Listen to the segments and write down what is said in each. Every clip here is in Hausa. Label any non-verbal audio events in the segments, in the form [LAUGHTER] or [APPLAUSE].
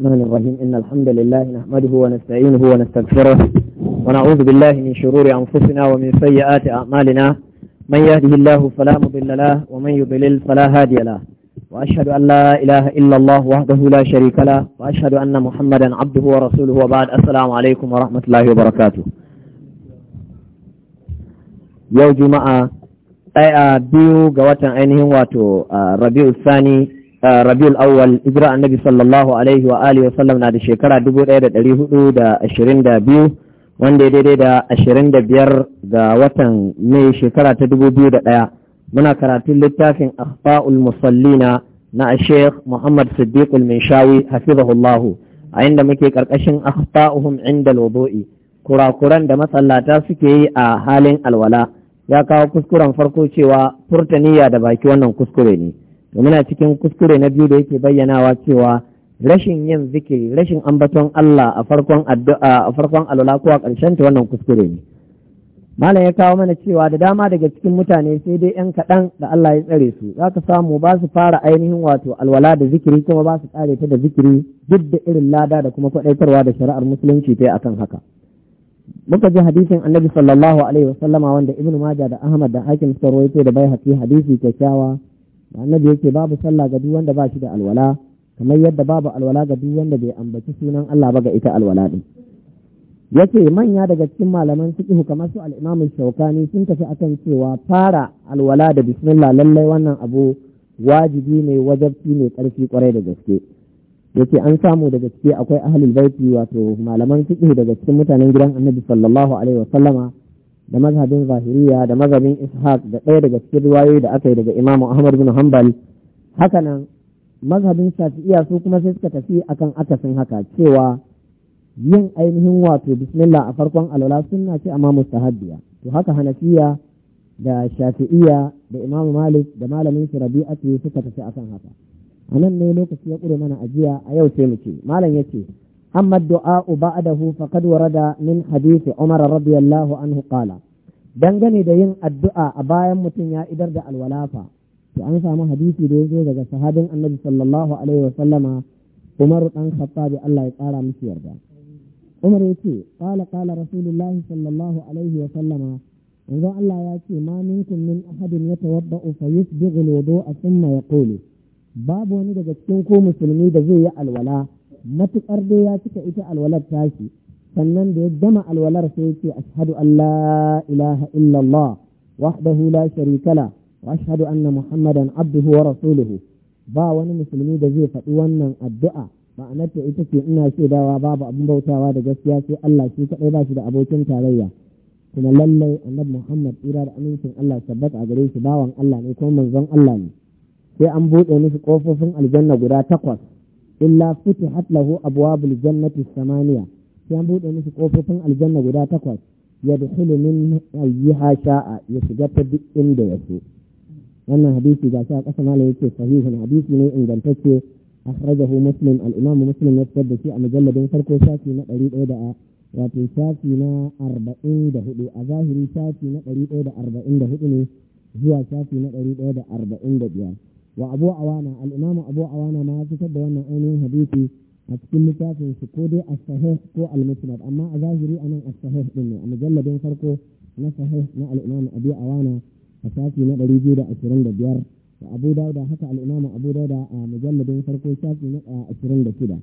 الرحمن الرحيم إن الحمد لله نحمده ونستعينه ونستغفره ونعوذ بالله من شرور أنفسنا ومن سيئات أعمالنا من يهده الله فلا مضل له ومن يضلل فلا هادي له وأشهد أن لا إله إلا الله وحده لا شريك له وأشهد أن محمدا عبده ورسوله وبعد السلام عليكم ورحمة الله وبركاته يوم جمعة أي بيو قوة عينهم واتو ربيع الثاني rabiul awwal hijira annabi sallallahu alaihi wa alihi sallam na da shekara 1422 wanda ya daidai da 25 ga watan mai shekara ta 2001 muna karatun littafin akhfaul musallina na sheikh muhammad siddiq al-minshawi hafizahullahu a inda muke karkashin akhfa'uhum inda al-wudu'i kurakuran da masallata suke yi a halin alwala ya kawo kuskuren farko cewa furtaniya da baki wannan kuskure ne muna cikin kuskure na biyu da yake bayyanawa cewa rashin yin zikiri rashin ambaton Allah a farkon addu'a a farkon alwala ko a ƙarshen ta wannan kuskure ne malam ya kawo mana cewa da dama daga cikin mutane sai dai yan kaɗan da Allah ya tsare su za ka samu ba su fara ainihin wato alwala da zikiri kuma ba su tsare ta da zikiri duk da irin lada da kuma kwaɗaitarwa da shari'ar musulunci ta akan haka muka ji hadisin annabi sallallahu alaihi wasallama wanda ibnu maja da ahmad da hakim suka rawaito da bai hadisi kyakkyawa annabi yake babu sallah ga duk wanda ba shi da alwala kamar yadda babu alwala ga duk wanda bai ambaci sunan Allah ba ga ita alwala din yace manya daga cikin malaman fiqh kamar su al-Imam Shawkani sun tafi akan cewa fara alwala da bismillah lallai wannan abu wajibi ne wajabci ne karfi kwarai da gaske yace an samu daga ciki akwai ahlul baiti wato malaman fiqh daga cikin mutanen gidan Annabi sallallahu alaihi sallama. da mazhabin zahiriya da mazhabin ishaq da ɗaya daga cikin ruwayoyi da aka yi daga imamu ahmad bin hanbal nan mazhabin shafi'iya su kuma sai suka tafi akan akasin haka cewa yin ainihin wato bismillah a farkon alwala sunna ce amma mustahabbiya to haka hanafiya da shafi'iya da imamu malik da malamin su rabi'atu suka tafi akan haka a nan ne lokaci ya ƙure mana ajiya a yau sai mu ce malam ya ce amma du'a ba'dahu faqad warada min hadisi umar radiyallahu anhu qala dangane da yin addu'a a bayan mutum ya idar da alwalafa to an samu hadisi da ya zo daga sahabin annabi sallallahu alaihi wa sallama umar dan khattabi Allah ya tsara musu yarda umar ya ce qala qala rasulullahi sallallahu alaihi wa sallama Allah ya ce ma minkum min ahadin yatawadda'u fa yusbighu alwudu'a thumma yaqulu babu wani daga cikin ko musulmi da zai yi alwala matukar dai ya cika ita alwalar tashi sannan da ya gama alwalar sai yake ashhadu an la ilaha illallah wahdahu la sharika la wa ashhadu anna muhammadan abduhu wa rasuluhu ba wani musulmi da zai faɗi wannan addu'a ma'anarta ita ce ina shaidawa babu abin bautawa da gaskiya sai Allah shi kaɗai ba shi da abokin tarayya kuma lallai annabi Muhammad tsira da amincin Allah tabbata a gare shi bawan Allah ne kuma manzon Allah ne sai an buɗe musu ƙofofin aljanna guda takwas illa futihat lahu abwabul jannati samaniya ya buɗe musu ƙofofin aljanna guda takwas ya dukulu min ayyiha sha'a ya shiga ta duk inda ya so wannan hadisi ga sha ƙasa malam yake sahihun hadisi ne ingantacce akhrajahu muslim al-imam muslim ya fitar da shi a mujalladin farko shafi na ɗari ɗaya da wato shafi na arba'in da hudu a zahiri shafi na ɗari ɗaya da arba'in da hudu ne zuwa shafi na ɗari ɗaya da arba'in da biyar wa abu awana al-imam abu awana ma ya fitar da wannan ainihin hadisi a cikin littafin su ko dai as-sahih ko al-musnad amma a zahiri anan as-sahih din ne a mujalladin farko na sahih na al-imam abi awana a shafi na 225 da abu dauda haka al-imam abu dauda a mujalladin farko shafi na 26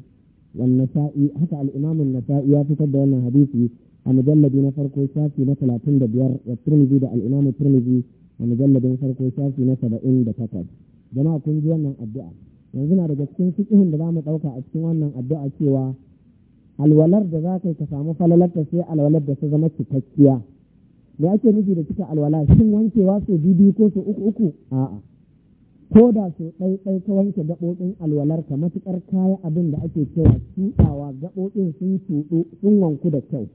wannan sa'i haka al-imam an-nasa'i ya fitar da wannan hadisi a mujalladi na farko shafi na 35 da turmizi da al-imam turmizi a mujalladin farko shafi na 78 jama'a kun ji wannan addu'a yanzu na daga cikin fiƙihin da za mu ɗauka a cikin wannan addu'a cewa alwalar da za ka yi ka samu falalarta sai alwalar da ta zama cikakkiya me ake nufi da cika alwala shin wankewa sau biyu ko sau uku uku a'a ko da sau ɗai ɗai ka wanke gaɓoɓin alwalar ka matuƙar kaya abin da ake cewa tuɗawa gaɓoɓin sun tuɗu sun wanku da kyau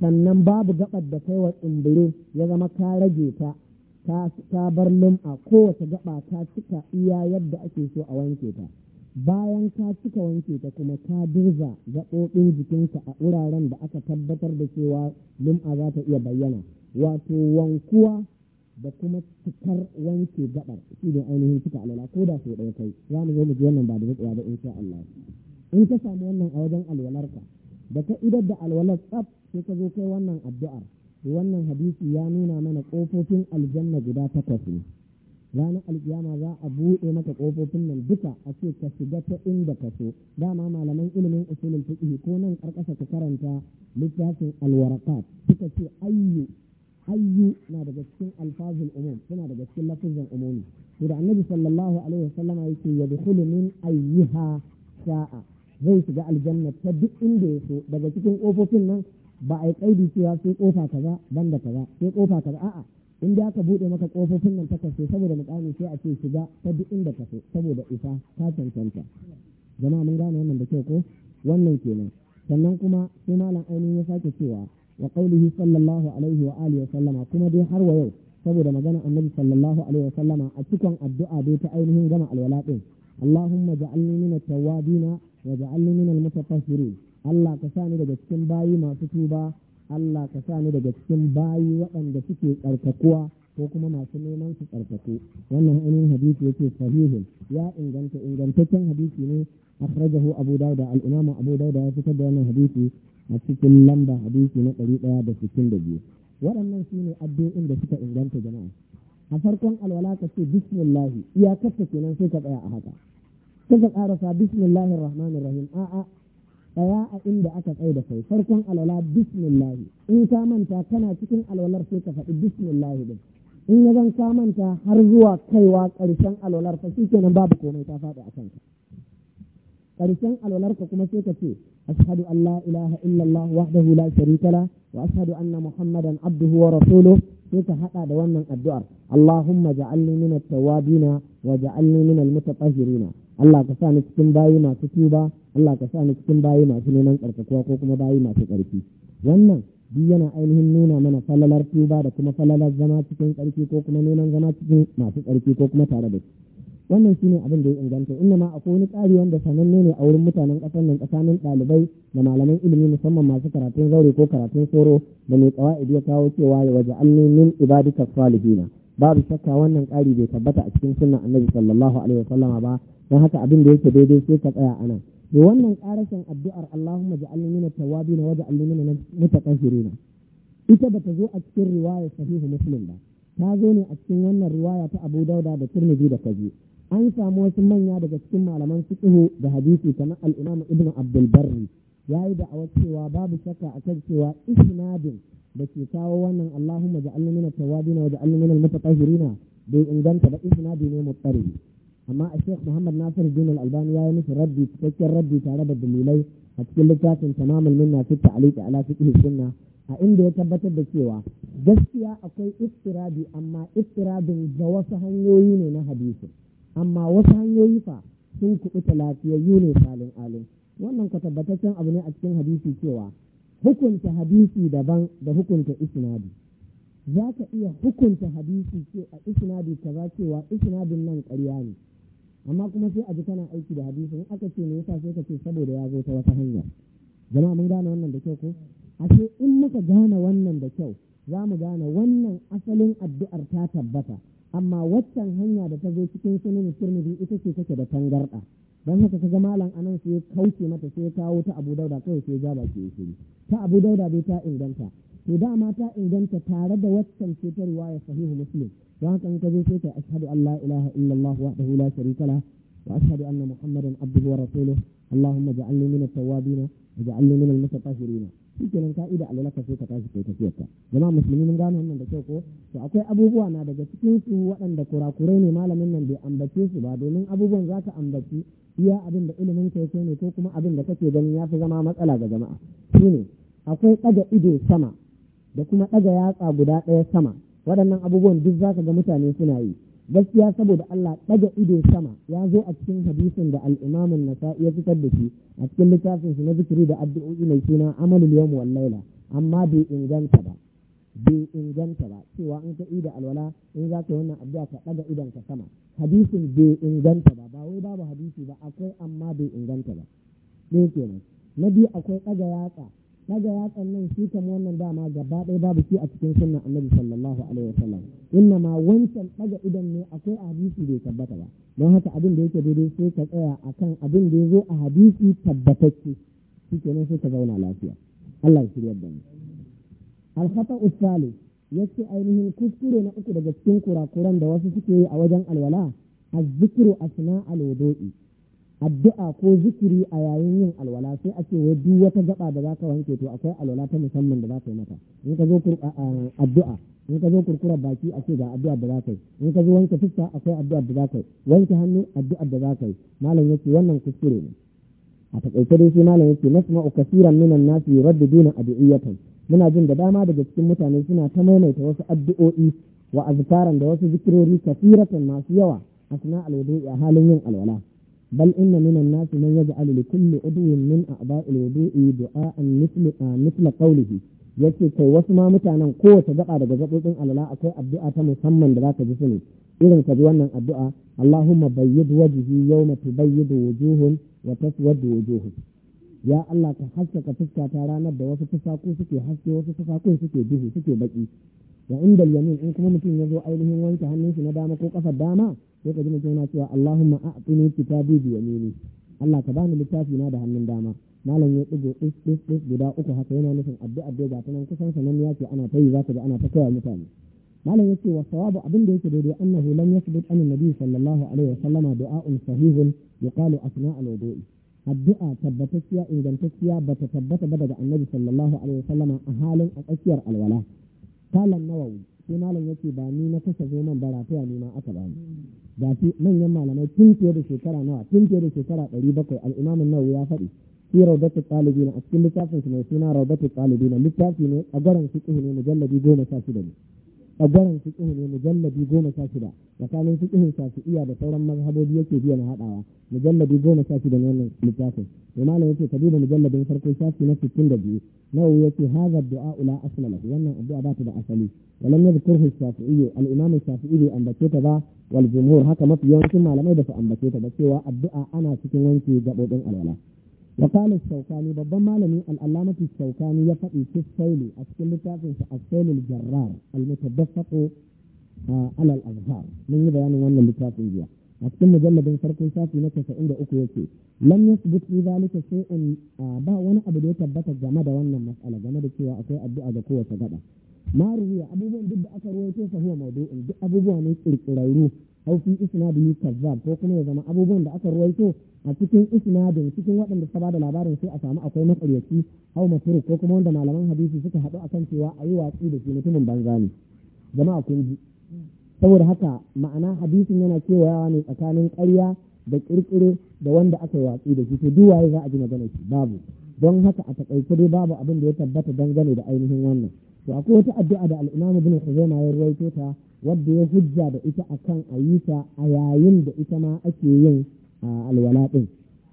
sannan babu gaɓar da kai wa tsumbure ya zama ka rage ta ta bar lum'a kowace gaba ta cika iya yadda ake so a wanke ta bayan ka cika wanke ta kuma ka dirza gaɓoɓin jikinka a wuraren da aka tabbatar da cewa lum'a za ta iya bayyana wato wankuwa da kuma cikar wanke gaɓar shi ne ainihin cika alwala ko da sau ɗaya kai za mu zo mu ji wannan ba da daɗewa ba in Allah in ka samu wannan a wajen alwalarka da ka idar da alwalar tsaf sai ka zo kai wannan addu'ar wannan hadisi ya nuna mana ƙofofin aljanna guda takwas ne ranar alkiyama za a buɗe maka ƙofofin nan duka a ce ka shiga ta inda ka so dama malaman ilimin usulul fiqh ko nan karkasa ka karanta littafin alwarakat suka ce ayyu ayyu na daga cikin alfazul umum suna daga cikin lafazin umumi to da annabi sallallahu alaihi wasallam yake yadkhulu min ayyuha sha'a zai shiga aljanna ta duk inda ya so daga cikin ƙofofin nan ba a yi ƙaidi cewa sai ƙofa kaza banda kaza sai ƙofa kaza a'a in da aka buɗe maka ƙofofin nan takwas sai saboda muƙami sai a ce shiga ta duk inda ka so saboda isa ta cancanta jama'a mun gane wannan da kyau ko wannan kenan sannan kuma sai malam ainihin ya sake cewa wa qaulihi sallallahu alaihi wa alihi wa sallama kuma dai har wa yau saboda magana annabi sallallahu alaihi wa sallama a cikon addu'a dai ta ainihin gama alwala din allahumma ja'alni min at-tawwabin wa ja'alni al Allah ka sa ni daga cikin bayi masu tuba Allah ka sa ni daga cikin bayi waɗanda suke tsarkakuwa ko kuma masu neman su tsarkaku wannan ainihin hadisi yake sahihin ya inganta ingantaccen hadisi ne a akhrajahu abu dauda al-imam abu dauda ya fitar da wannan hadisi a cikin lamba hadisi na ɗari ɗaya da sittin da biyu waɗannan su ne addu'o'in da suka inganta jama'a a farkon alwala ka ce bismillahi iyakarta kenan sai ka tsaya a haka sai ka ƙarasa bismillahir rahmanir rahim a'a tsaya a inda aka tsaye da kai farkon alwala bismillah in ka manta kana cikin alwalar sai ka faɗi bismillah din in ya zan ka manta har zuwa kaiwa ƙarshen alwalar fa shikenan babu komai ta faɗi a kanka ƙarshen alwalar ka kuma sai ka ce ashhadu an la ilaha illallah wahdahu la sharika la wa ashhadu anna muhammadan abduhu wa rasuluhu sai ka haɗa da wannan addu'ar allahumma ja'alni min at-tawwabin wa ja'alni min al-mutatahhirin Allah ka sa ni cikin bayi masu tuba Allah ka sa ni cikin bayi masu neman tsarkakuwa ko kuma bayi masu tsarki wannan biyu yana ainihin nuna mana falalar tuba da kuma falalar zama cikin tsarki ko kuma neman zama cikin masu ƙarfi ko kuma tare da su wannan ne abin da ya inganta inna ma akwai wani ƙari wanda sananne ne a wurin mutanen ƙasar nan tsakanin ɗalibai da malaman ilimi musamman masu karatun zaure ko karatun soro da mai ƙawa'id ya kawo cewa ya waje alli min ibadika salihina babu shakka wannan ƙari bai tabbata a cikin sunan annabi sallallahu alaihi sallama ba don haka abin da yake daidai sai ka tsaya nan. Da wannan ƙarashin addu'ar Allahumma ja'alni min at-tawwabin wa ja'alni min mutatahhirin ita bata zo a cikin riwaya sahihu muslim ba ta zo ne a cikin wannan riwaya ta Abu Dauda da Tirmidhi da Kaji an samu wasu manya daga cikin malaman fiqh da hadisi kamar al-Imam Ibn Abdul Barri yayi da awa cewa babu shakka kan cewa isnadin da ke kawo wannan Allahumma ja'alni min at-tawwabin wa ja'alni min al-mutatahhirin bai inganta ba isnadi ne mutsari amma a shek muhammad nasir din al-albani ya yi musu rabbi cikakken rabbi tare da dalilai a cikin littafin tamamul minna fi ta'liq ala fiqh sunna a inda ya tabbatar da cewa gaskiya akwai iftirabi amma iftirabin ga wasu hanyoyi ne na hadisi amma wasu hanyoyi fa sun kuɓuta lafiyayyu ne salin alin wannan ka tabbataccen abu ne a cikin hadisi cewa hukunta hadisi daban da hukunta isnadi za ka iya hukunta hadisi ce a isnadi kaza cewa isnadin nan ƙarya ne amma kuma sai a ji kana aiki da hadisi in aka ce me yasa sai ka ce saboda ya zo ta wata hanya jama'a mun gane wannan da kyau ko ashe in muka gane wannan da kyau za mu gane wannan asalin addu'ar ta tabbata amma waccan hanya da ta zo cikin sunan turmidi ita ce take da tangarɗa don haka ga malam anan sai kauce mata sai kawo ta abu dauda kawai sai ja baki ya shiri ta abu dauda dai ta inganta to dama ta inganta tare da waccan ce ta riwaya sahihu muslim da haka in ka zo sai ka ashhadu an la ilaha illallah wahdahu la sharika la wa ashhadu anna muhammadan abduhu wa rasuluhu allahumma ja'alni al shi nan ka'ida a ka sai ka tashi kai tafiyar jama'a musulmi mun gano wannan da kyau ko to akwai abubuwa na daga cikin su waɗanda kurakurai ne malamin nan bai ambace su ba domin abubuwan za ka ambaci iya abin da ilimin ka yake ne ko kuma abin da kake ganin ya fi zama matsala ga jama'a shine akwai ɗaga ido sama da kuma ɗaga yatsa guda ɗaya sama waɗannan abubuwan duk za ka ga mutane suna yi gaskiya saboda Allah ɗaga ido sama ya zo a cikin hadisin da al'imamin nasa ya fitar da shi a cikin littafin shi na zikiri da addu'o'i mai suna amalul yawm wal laila amma bai inganta ba bai inganta ba cewa in ka ida alwala in za ka wannan addu'a ka ɗaga idon ka sama hadisin bai inganta ba ba wai babu hadisi ba akwai amma bai inganta ba ɗaya kenan na biyu akwai ɗaga yatsa daga yatsan nan shi kam wannan dama gaba ɗaya babu shi a cikin sunnan annabi sallallahu alaihi wasallam inna ma wancan daga idan ne akwai a hadisi bai tabbata ba don haka abin da yake daidai sai ka tsaya akan abin da ya zo a hadisi tabbatacce shi kenan sai ka zauna lafiya Allah ya shirya da mu al-khata usali yace ainihin kuskure na uku daga cikin kurakuran da wasu suke yi a wajen alwala az-zikru asna al-wudu'i addu'a ko zikiri a yayin yin alwala sai a ce wai duk wata gaba da za ka wanke to akwai alwala ta musamman da za ka yi mata in ka zo addu'a in ka zo kurkurar baki a ce ga addu'a da za ka yi in ka zo wanke fuska akwai addu'a da za ka yi wanke hannu addu'a da za ka yi malam yake wannan kuskure ne a takaice dai sai malam yake nasma'u kasiran minan nasi yuraddiduna addu'iyatan muna jin da dama daga cikin mutane suna ta maimaita wasu addu'o'i wa azkaran da wasu zikirori kasiratan masu yawa asna alwudu'i a halin yin alwala bal إن من الناس من يجعل لكل kulli من أعضاء الوضوء دعاء مثل مثل قوله yake yace kai wasu ma mutanen kowace gaba daga zaɓoɓin alala akwai addu'a ta musamman da za ka ji suni irin ka ji wannan addu'a Allahumma bayyid wajhi yawma tubayyidu wujuhun wa taswaddu wujuhun ya Allah ka haskaka fuskata ranar da wasu tufaku suke haske wasu fusakun suke duhu suke baki wa inda yamin in kuma mutum ya zo ainihin wanke hannun shi na dama ko kafa dama sai ka ji mutum cewa Allahumma a'tini kitabi bi yamini Allah ka bani littafi na da hannun dama malam ya tsigo is is is guda uku haka yana nufin addu'a da ga tunan kusan sanan ya ce ana tayi zaka ga ana ta koya mutane malam yake wa sawabu abin da yake daidai annahu lam yasbut an nabi sallallahu alaihi wa sallama du'a'un sahihun yuqalu asna al-wudu'i addu'a tabbatacciya ingantacciya bata tabbata ba daga annabi sallallahu alaihi wa sallama a halin a tsakiyar alwala kalan nawawi sai malam yake ba ni na kasa zo man baratuwa ni ma aka bani ga manyan malamai tun fiye da shekara nawa tun fiye da shekara ɗari bakwai al'imamin nawa ya faɗi fi raudatu ɗalibi na a cikin littafin su mai suna raudatu ɗalibi na littafi ne a garan fiƙihu ne mujallabi goma sha shida ne ɓangaren fiƙihu ne mujalladi goma sha shida tsakanin fiƙihun iya da sauran mazhabobi yake biya na haɗawa mujallabi goma sha shida ne wannan littafin to malam yace ka duba mujalladin farko shafi na sittin da biyu nawawi yace haza du'a ula asla lahu wannan addu'a ba ta da asali walam yadhkurhu shafi'i al-imam shafi'i bai ambace ta ba wal jumhur haka mafi yawancin malamai da su ambace ta ba cewa addu'a ana cikin wanke gaɓoɓin alwala wa qala shaukani babban malamin al'alamatu allamati shaukani ya faɗi fi saili a cikin littafinsa sa as-sailul jarrar al-mutadaffaqu ala al-azhar mun yi bayanin wannan littafin jiya a cikin mujalladin farkon safi na 93 yake lam yasbut sai in a ba wani abu da ya tabbata game da wannan mas'ala game da cewa akwai addu'a ga kowace gaba ma ruwiya abubuwan duk da aka ruwaito fa huwa mawdu'un duk abubuwa ne kirkirarru ai fi isnadin kazzab ko kuma ya zama abubuwan da aka ruwaito a cikin isnadin cikin waɗanda suka bada labarin sai a samu akwai matsaryaci hau masuru ko kuma wanda malaman hadisi suka haɗu a kan cewa a yi watsi da shi mutumin banza ne jama'a kun ji saboda haka ma'ana hadisin yana kewayawa ne tsakanin ƙarya da ƙirƙire da wanda aka yi watsi da shi to duk waye za a ji magana shi babu don haka a taƙaice dai babu abin da ya tabbata dangane da ainihin wannan to akwai wata addu'a da al'imamu bin Ibn ya rawaito ta wadda ya hujja da ita akan ayyuka a yayin da ita ma ake yin a alwala ɗin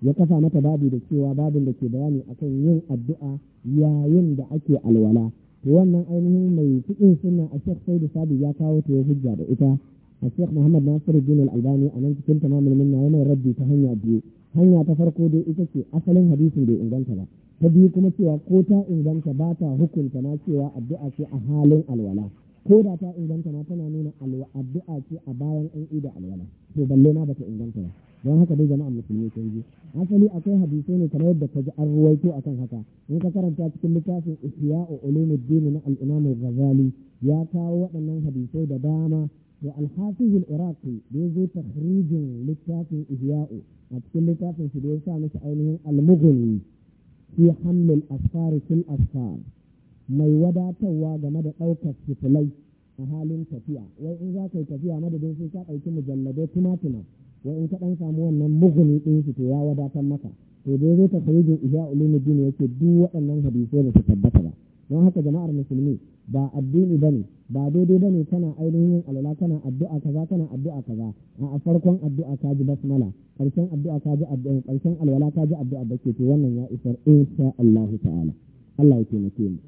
ya kafa mata babu da cewa babin da ke bayani a kan yin addu'a yayin da ake alwala to wannan ainihin mai cikin sunna a sai da Sabi ya kawo ta ya hujja da ita a shek Muhammad nasiru bin albani a nan cikin tamamin minna yana rabbi ta hanya biyu hanya ta farko dai ita ce asalin hadisin bai inganta ba ta biyu kuma cewa ko ta inganta ba ta hukunta ma cewa addu'a ce a halin alwala ko da ta inganta ma tana nuna addu'a ce a bayan an ida alwala to balle ma bata inganta ba don haka dai jama'a musulmi sun ji asali akwai hadisai ne kamar yadda ka ji an ruwaito akan haka in ka karanta cikin littafin ihya'u ulumuddin na al-imam ghazali ya kawo waɗannan hadisai da dama wa alhafiz al-iraqi da yazo tahrijin littafin ihya'u a cikin littafin shi da ya sa masa ainihin al-mughni fi haml al-asfar fil asfar mai wadatarwa game da ɗaukar fitilai a halin tafiya wai in za ka yi tafiya madadin sai ka ɗauki mujalladai tumatuma wai in ka ɗan samu wannan mughni ɗin shi to ya wadatar maka to da yazo tahrijin ihya'u lumuddin yake duk waɗannan hadisai da su tabbata ba don haka jama'ar musulmi ba addini bane ba daidai ba ne kana ainihin yin alwala kana addu'a kaza kana addu'a kaza a farkon addu'a ka ji basmala karshen addu'a ka ji addu'a karshen alwala ka ji addu'a da ke to wannan ya isar insha allahu ta'ala Allah ya taimake mu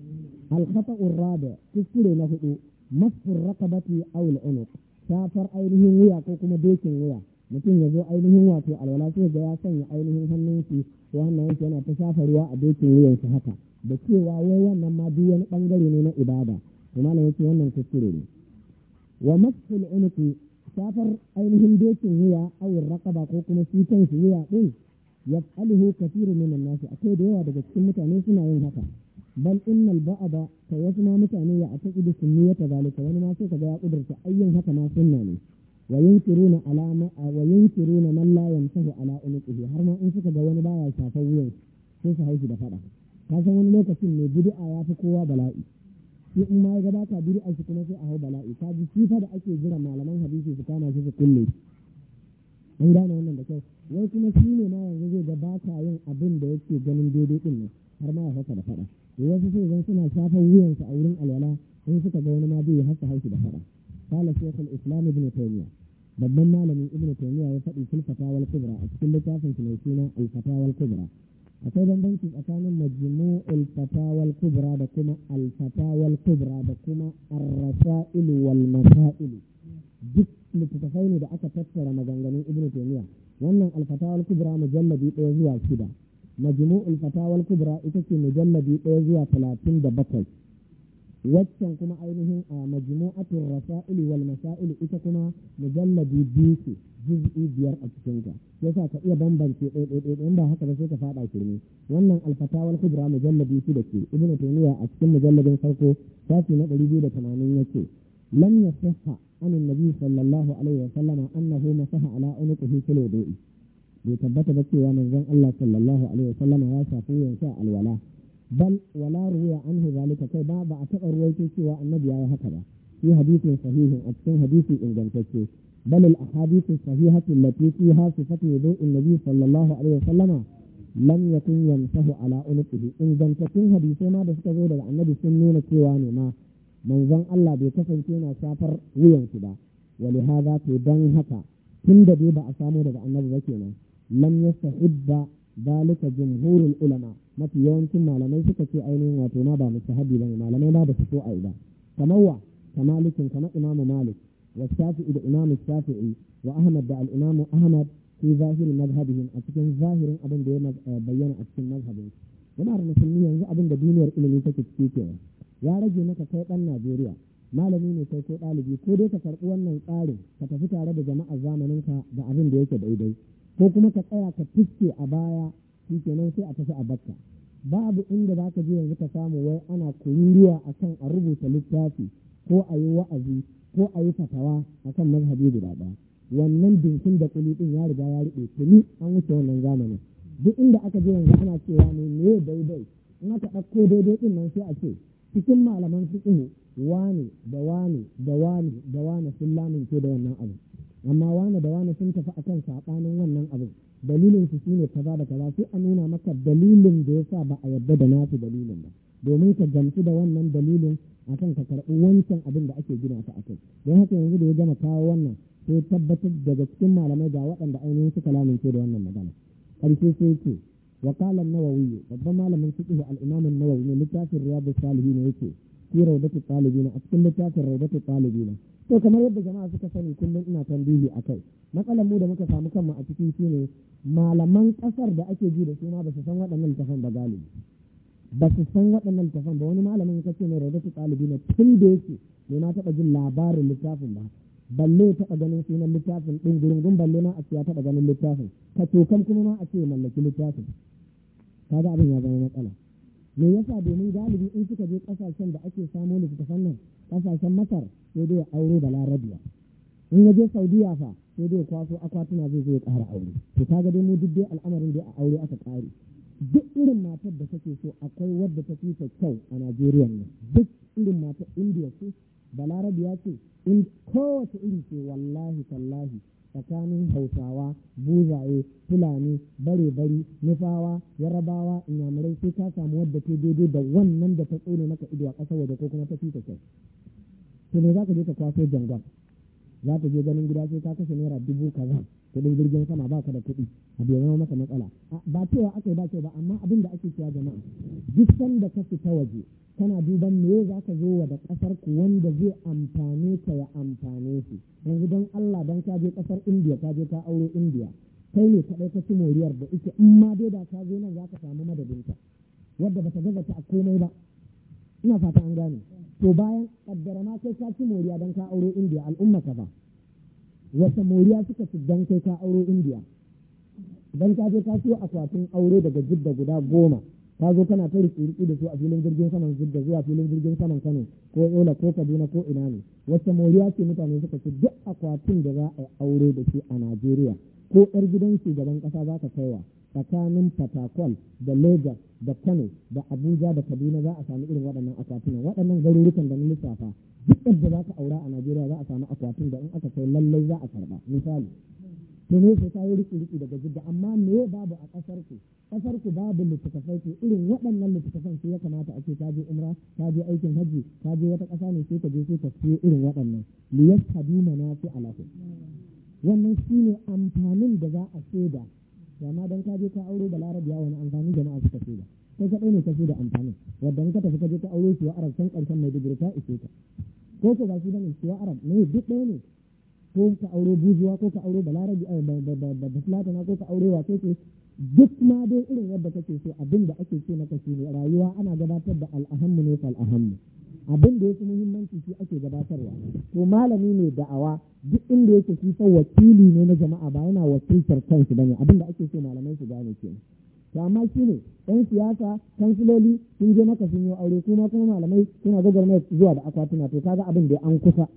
al khata'u rabi kuskure na hudu masfur raqabati aw al unuq safar ainihin wuya ko kuma dokin wuya mutum ya zo ainihin wato alwala sai ga ya sanya ainihin hannun shi ko hannun yana ta shafa ruwa a dokin wuyan shi haka da cewa wai wannan ma duk wani bangare ne na ibada malam yake wannan kuskure ne wa masful unuku safar ainihin dokin wuya awin rakaba ko kuma shi kansu wuya ɗin ya alihu kafiru minan nasu akwai da yawa daga cikin mutane suna yin haka bal innal ba'da ta wasu ma mutane ya ataqidu sunniyata zalika wani ma sai kaga ya kudurta ayyin haka ma sunna ne wa yunkiruna alama wa yunkiruna man la yamsahu ala har ma in suka ga wani baya shafar wuyan sai su haushi da faɗa ka wani lokacin ne bid'a ya fi kowa bala'i sai in ma ya gabata biri a shi kuma sai a hau bala'i ka ji sifa da ake jira malaman hadisi su kama shi su kulle an gane wannan da kyau wai kuma shi ne ma yanzu zai gabata yin abin da yake ganin daidai din nan har ma ya haka da faɗa wasu sai zan suna shafan wuyansu a wurin alwala in suka ga wani ma zai haka haushi da faɗa قال شيخ islam Ibn تيمية babban malamin ibn taymiya ya faɗi fil fatawal kubra a cikin littafin shi mai suna al fatawal kubra akwai bambanci tsakanin Majimu fatawal kubra da kuma Alfatawal kubra da kuma ar wal masail duk littattafai ne da aka tattara maganganun ibnu taymiya wannan al kubra mujalladi ɗaya zuwa shida Majimu fatawal kubra ita ce mujalladi ɗaya zuwa talatin da bakwai waccan kuma ainihin a majmu'atul rasail wal masail ita kuma mujalladi biyu ce juz'i biyar a cikin ta yasa ka iya bambance ɗaya ɗaya ɗaya haka ba sai ka faɗa kirmi wannan alfatawar kubra mujalladi shi da ke ibn taymiya a cikin mujalladin farko shafi na ɗari biyu da tamanin yace lam yasihha an annabi sallallahu alaihi wa sallama annahu masaha ala unuqihi fil wudu'i bai tabbata ba cewa manzon Allah sallallahu alaihi wa sallama ya shafi yansa alwala bal wala ruya anhu zalika kai ba ba a taɓa ruwaito cewa annabi ya yi haka ba fi hadisin sahihin a cikin hadisi ingantacce bal al ahadithu sahihatu allati fiha sifatu wudu'in nabi sallallahu alaihi wasallama lam yakun yamsahu ala unuqihi ingantattun hadisai ma da suka zo daga annabi sun nuna cewa ne ma manzon Allah bai kasance yana shafar wuyansu ba wali za to dan haka tun da dai ba a samo daga annabi ba kenan lam yastahibba dalika jumhurul ulama mafi yawancin malamai suka ce ainihin wato ma ba mustahabi bane malamai ma ba su so a yi ba kamar wa kamalikin kamar imamu malik wa shafi'i da imamu shafi'i wa ahmad da al ahmad fi zahirin mazhabihim a cikin zahirin abin da ya eh, bayyana a cikin mazhabin yana da musulmi yanzu abin da duniyar ilimi take ciki kenan ya rage maka kai dan najeriya malami ne kai ko ɗalibi ko dai ka karɓi wannan tsarin ka tafi tare da jama'ar zamaninka da abin da yake daidai ko kuma ka tsaya ka fiske a baya shi kenan sai a tafi a bakka babu inda za ka je yanzu ka samu wai ana a kan a rubuta littafi ko a yi wa'azi ko a yi fatawa akan mazhabi guda ɗaya wannan dinkin da kuli ɗin ya riga ya riɓe tuni an wuce wannan zamanin duk inda aka je yanzu ana cewa ne me daidai in aka ɗauko daidai ɗin nan sai a ce cikin malaman su ɗin wani da wani da wani da wani sun lamince da wannan abu amma wani da wani sun tafi akan saɓanin wannan abu dalilin su shine kaza da kaza sai a nuna maka dalilin da yasa ba a yarda da nasu dalilin ba domin ka gamsu da wannan dalilin akan ka karɓi wancan abin da ake gina ta kai don haka yanzu da ya gama kawo wannan sai tabbatar daga cikin malamai ga waɗanda ainihin suka lamince da wannan magana ƙarshe sai ce wa qala nawawi babban malamin fiqh al-imam an-nawawi ne littafin riyadus salihin yake fi raudatu a cikin littafin raudatu to kamar yadda jama'a suka sani kullum ina tambihi kai matsalar mu da muka samu kanmu a cikin shi ne malaman ƙasar da ake ji da su ma ba su san waɗannan littafan ba galibi ba su san waɗannan littafan ba wani malamin ka ce mai ɗalibi na tun da yake ne ma taɓa jin labarin littafin ba balle ya taɓa ganin sunan littafin ɗin gurungun balle ma a ce ya taɓa ganin littafin ka tokan kuma ma a ce mallaki littafin kaga abin ya zama matsala me yasa domin galibi in suka je kasashen da ake samo littattafan nan kasashen masar sai dai aure da larabiya in ya je saudiya fa sai dai kwaso akwatuna zai zo ya ƙara aure to kaga dai mu duk dai al'amarin da a aure aka ƙare duk irin matar da take so akwai wadda ta fi ta kyau a najeriya ne duk irin matar indiya ce balarabiya ce in kowace iri ce wallahi tallahi tsakanin hausawa buzaye fulani bare bari nufawa yarabawa inyamurai sai ka samu wadda ta daidai da wannan da ta tsone maka ido a ƙasa waje ko kuma ta fita kyau to za ka je ka kwaso jangon za ka je ganin gida sai ka kashe naira dubu kaza kuɗin jirgin sama baka da kuɗi a bai zama maka matsala ba cewa aka yi ba ba amma abin da ake cewa jama'a duk sanda ka fita waje kana duban me za ka zo wa da ƙasar ku wanda zai amfane ka ya amfane su yanzu don Allah don ka je ƙasar Indiya ka je ka aure Indiya kai ne kaɗai ka ci moriyar da ita in ma dai da ka zo nan za ka samu ta wadda ta gaza ta a komai ba ina fata an gane to bayan kaddara ma kai ka ci moriya don ka auro indiya al'umma ka ba wata moriya suka ci don kai ka auro indiya don ka je ka siyo akwatin aure daga jidda guda goma ka zo kana ta riƙe da su a filin jirgin saman jidda zuwa filin jirgin saman kano ko yola ko kaduna ko ina ne wata moriya ce mutane suka ci duk akwatin da za a aure da shi a najeriya ko yar gidan shugaban ƙasa za ka kaiwa tsakanin Patakon da lagos da kano da abuja da kaduna za a sami irin waɗannan akwatunan waɗannan garurukan da na lissafa duk yadda za ka aura a najeriya za a sami akwatun da in aka kai lallai za a karɓa misali to ne sai kayi riki riki daga jidda amma me babu a ƙasar ku ƙasar ku babu littattafai ku irin waɗannan littattafan sai ya kamata ake ta je umra ta je aikin hajji ta je wata ƙasa ne sai ka je sai ka siyo irin waɗannan liyas kaduna na fi alaƙa. wannan ne amfanin da za a shaida to amma dan ka je ka aure auro balarabiya wani amfani jama'a suka ce ba kai kaɗai ne ka fi da amfani wadda ka tafi ka je ka shi wa arab san ƙarshen mai digiri ta ishe ka ko ko ba shi bane wa arab ne duk ɗaya ne ko ka aure bujuwa ko ka auro balarabi da eh, fulatana ko ka aure wato ke duk ma dai irin yadda kake so abin da ake ce maka shi ne rayuwa ana gabatar da al'ahammu ne fal al'ahammu abin da yake muhimmanci shi ake gabatarwa to malami ne da'awa duk inda yake shi fa wakili ne na jama'a ba yana wakiltar kansu bane abin da ake so malamai su gane kenan to amma shi ne ɗan siyasa kansiloli sun je maka sun yi aure kuma kuma malamai suna gagarmar zuwa da akwatuna to kaga abin da an kusa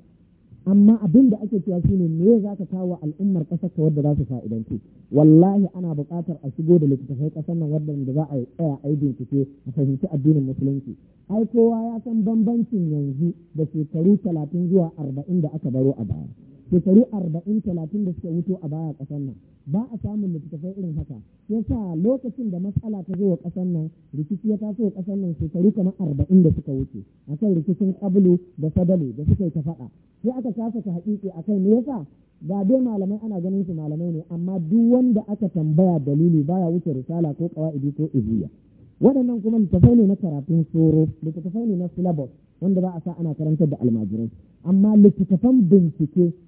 amma abin da ake cewa shine me za ka kawo al'ummar ƙasar ka wadda za su fa'idanci wallahi ana buƙatar a shigo da littattafai ƙasar nan wadda za a tsaya a yi bincike a fahimci addinin musulunci ai kowa ya san bambancin yanzu da shekaru talatin zuwa arba'in da aka baro a baya shekaru arba'in talatin da suka wuto a baya ƙasar nan ba a samun littattafai irin haka ya sa lokacin da matsala ta zo wa ƙasar nan rikici ya taso wa ƙasar nan shekaru kamar arba'in da suka wuce a akan rikicin ƙablu da sadale da suka yi ta faɗa sai aka kasa ta haƙiƙi akan me sa ba dai malamai ana ganin su malamai ne amma duk wanda aka tambaya dalili baya wuce risala ko ƙawaidi ko ibiya waɗannan kuma littattafai ne na karatun soro littattafai ne na syllabus wanda ba a sa ana karantar da almajirai amma littattafan bincike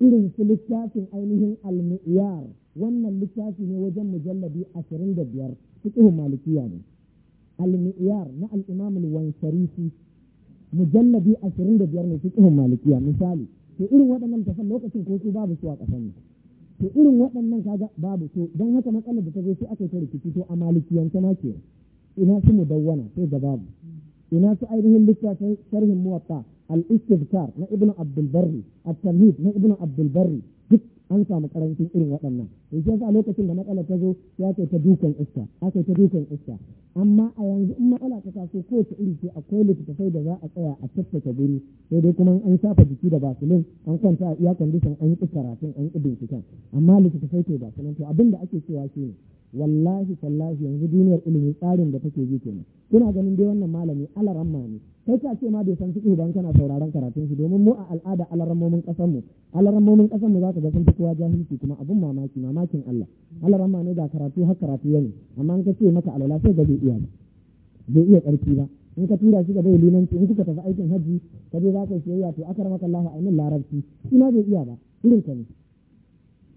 irin su littafin ainihin almiyar wannan littafi ne wajen mujallabi ashirin da biyar malikiya ne almiyar na al-imam mujallabi wansarisi ashirin da biyar ne fiƙihun malikiya misali to irin waɗannan tafan lokacin ko su babu su a ƙasar ne to irin waɗannan kaga babu to don haka matsalar da ta zo sai aka yi rikici to a ta ma ke ina su mu dawwana sai da babu ina su ainihin littafin sharhin muwatta الاستذكار لابن عبد البري التمهيد لابن عبد البري an samu karancin irin waɗannan yanzu yasa a lokacin da matsalar ta zo ya ce ta dukan iska ya aka ta dukan iska amma a yanzu in matsala ta taso kowace iri ce akwai littattafai da za a tsaya a tattaka guri sai dai kuma an shafa jiki da basilin an kwanta a iya kwandishin an yi karatun an yi binciken amma littattafai ke basilin to abin da ake cewa shi ne wallahi tallahi yanzu duniyar ilimi tsarin da take ji kenan kuna ganin dai wannan malami ma ne kai ka ce ma bai san fiqh ba kana sauraron karatun shi domin mu a al'ada momin ƙasar mu momin ƙasar mu za ka ga sun fi kowa jahilci kuma abun mamaki mamakin Allah Allah ramma ne da karatu har karatu yana amma in ka ce maka alwala sai ga bai iya ba bai iya karfi ba in ka tura shi ga bai linanci in kuka tafi aikin hajji ka je za ka yi siyayya to akar maka Allah ainin larabci shi ma bai iya ba irin ka ne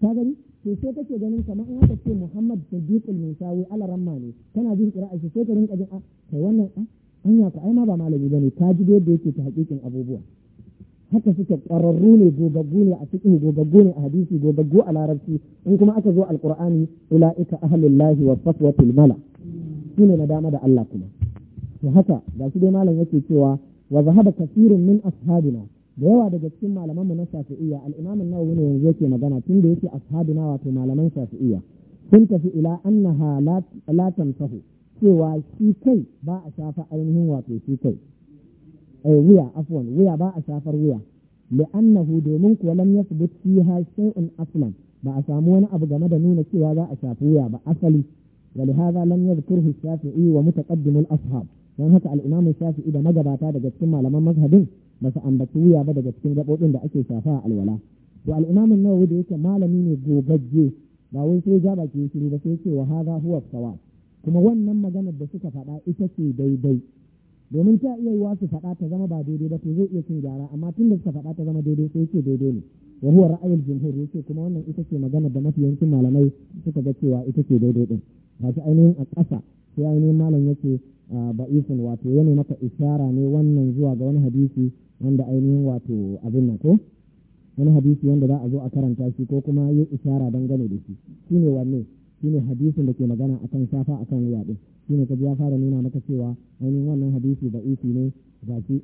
ka gani to sai kake ganin kamar in aka ce Muhammad Sadiqul Musawi Allah ramma ne kana jin shi sai ka rinka jin a ah, kai wannan ah, an ya ku ai ma ba malami bane ka ji da yadda yake ta hakikin abubuwa haka suke ƙwararru ne gogaggu ne a cikin gogaggu ne a hadisi gogaggu a larabci in kuma aka zo alqur'ani ulaika ahlullahi wa safwatul mala shine na dama da Allah kuma to haka ga su dai malam yake cewa wa zahaba kasirun min ashabina da yawa daga cikin malaman mu na shafi'iyya al-imam an-nawawi ne yanzu yake magana tun da yake ashabina wato malaman shafi'iyya sun tafi ila annaha la la tamsahu cewa shi kai ba a shafa ainihin wato shi kai ay wuya afwan wuya ba a shafar wuya annahu domin kuwa lam yathbut fiha shay'un aslan ba a samu wani abu game da nuna cewa za a shafi wuya ba asali ولهذا لم يذكره الشافعي ومتقدم الأصحاب don haka al'imamu shafi'i da magabata daga cikin malaman mazhabin ba su ambaci wuya ba daga cikin gaɓoɓin da ake shafa a alwala to al'imamin nawawi da yake malami ne gogagge ba wai sai ja baki shiru ba sai ce wa hadha huwa kuma wannan maganar da suka faɗa ita ce daidai domin ta iya yiwa su faɗa ta zama ba daidai ba to zai iya cin gyara amma tun da suka faɗa ta zama daidai sai ce daidai ne wa huwa ra'ayul jumhur ce kuma wannan ita ce magana da mafi yawancin malamai suka ga cewa ita ce daidai din ga ainihin a ƙasa sai ainihin malam ba isin wato yana maka ishara ne wannan zuwa ga wani hadisi wanda ainihin wato abin nan ko wani hadisi wanda za a zo a karanta shi ko kuma yi ishara dangane da shi shine wanne shine hadisin da ke magana akan safa akan wuya din shine kaji ya fara nuna maka cewa ainihin wannan hadisi da isi ne zaki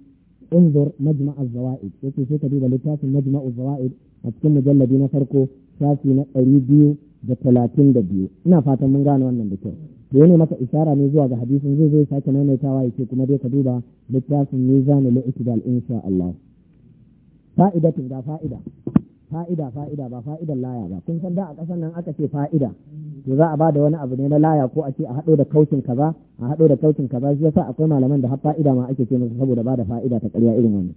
انظر مجمع zawaid yake sai ka duba littafin majma zawaid a cikin mujalladi na farko shafi na ɗari biyu da talatin da biyu ina fatan mun gane wannan da kyau ya ne maka isara ne zuwa ga hadisin zai zai sake maimaitawa yake kuma dai ka duba littafin mizanul i'tidal insha Allah fa'idatun da fa'ida fa'ida fa'ida ba fa'idan laya ba kun san a ƙasar nan aka ce fa'ida to za a ba da wani abu ne na laya ko a ce a haɗo da kaucin kaza a haɗo da kaucin kaza shi yasa akwai malaman da har fa'ida ma ake ce musu saboda ba da fa'ida ta ƙarya irin wannan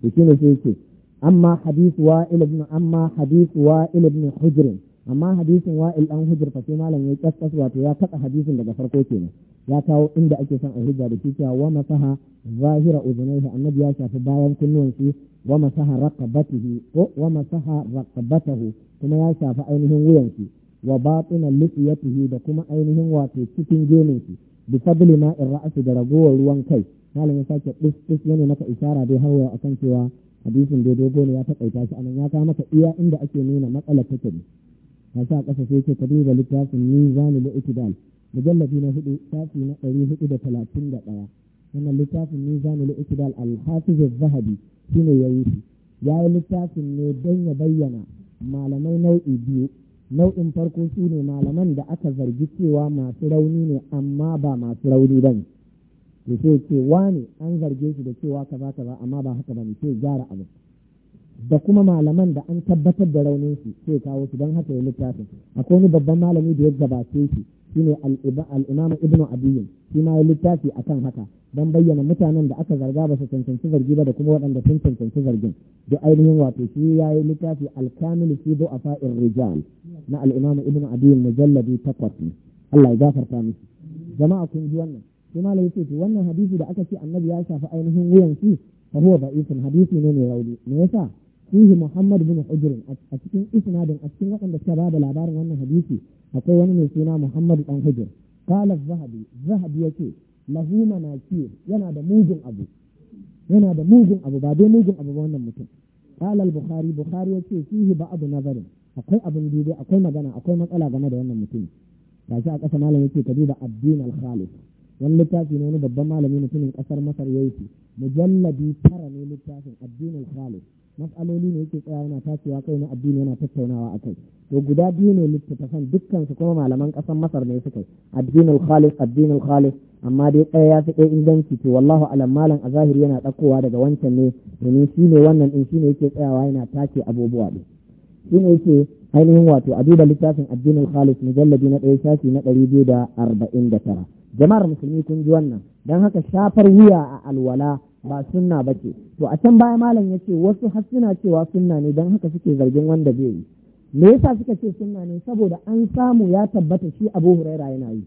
to shine yake amma hadisu wa ibn amma hadisu wa ibn hujrin. amma hadisin wa'il an hujjar fa sai malam ya kaskas wato ya katsa hadisin daga farko kenan ya kawo inda ake son a hujja da cewa wa masaha zahira uzunaihi annabi ya shafi bayan kunnuwan shi wa masaha raqabatihi ko wa masaha raqabatahu kuma ya shafi ainihin wuyan shi wa batina lifiyatihi da kuma ainihin wato cikin gemin shi bi fadli in ra'asi da ragowar ruwan kai malam ya sake ɗis yana maka isara dai har akan cewa hadisin dai dogo ne ya taƙaita shi anan ya kawo maka iya inda ake nuna matsalar take ne ya sa ƙasa sai ce ka duba littafin da itidal jallabi na hudu safi na ɗari hudu da talatin da ɗaya wannan littafin da itidal al zahabi shi ne ya yi shi ya yi littafin ne don ya bayyana malamai nau'i biyu nau'in farko su ne malaman da aka zargi cewa masu rauni ne amma ba masu rauni ba ne ce ne an zarge shi da cewa kaza kaza amma ba haka ba ne ce gyara abu da kuma malaman da an tabbatar da raunin su sai kawo su don haka ya littafin akwai wani babban malami da ya gabace shi shine al-imam ibn abiyyin shi ma ya littafi akan haka don bayyana mutanen da aka zarga ba su cancanci zargi ba da kuma waɗanda sun cancanci zargin da ainihin wato shi ya yi littafi al-kamil fi du'afa'ir rijal na al ibn abiyyin mujalladi takwas ne Allah ya gafarta musu jama'a kun ji wannan shi malami ce wannan hadisi da aka ce annabi ya shafi ainihin wuyan shi fa huwa da'ifun hadisi ne mai rauni me yasa fihi Muhammad bin Hujr a cikin isnadin a cikin waɗanda suka ba da labarin wannan hadisi akwai wani mai suna Muhammad dan Hujr qala zahabi zahabi yake lahu manakir yana da mugun abu yana da mugun abu ba dai mugun abu ba wannan mutum qala al-bukhari bukhari yace fihi ba'd nazarin akwai abin dide akwai magana akwai matsala gana da wannan mutum gashi a ƙasa malam yake ka duba addin al-khalid wani littafi ne wani babban malami mutumin ƙasar masar yayi mujalladi tara ne littafin addin al-khalid matsaloli ne yake tsaya yana tacewa kai na addini yana tattaunawa a kai to guda biyu ne littattafan dukkan su kuma malaman ƙasar masar ne suka yi addinul khalis addinul khalis amma dai tsaya ya fi ɗaya inganci to wallahu alam malam a zahiri yana ɗaukowa daga wancan ne domin shi ne wannan ɗin shi ne yake tsayawa yana tace abubuwa ɗin shi ne yake ainihin wato a duba littafin addinul khalis mujalladi na ɗaya shafi na ɗari biyu da arba'in da tara jama'ar musulmi kun ji wannan don haka shafar wuya a alwala ba sunna ba ce to a can baya malam ya ce wasu har suna cewa sunna ne don haka suke zargin wanda zai yi me yasa suka ce sunna ne saboda an samu ya tabbata shi abu huraira yana yi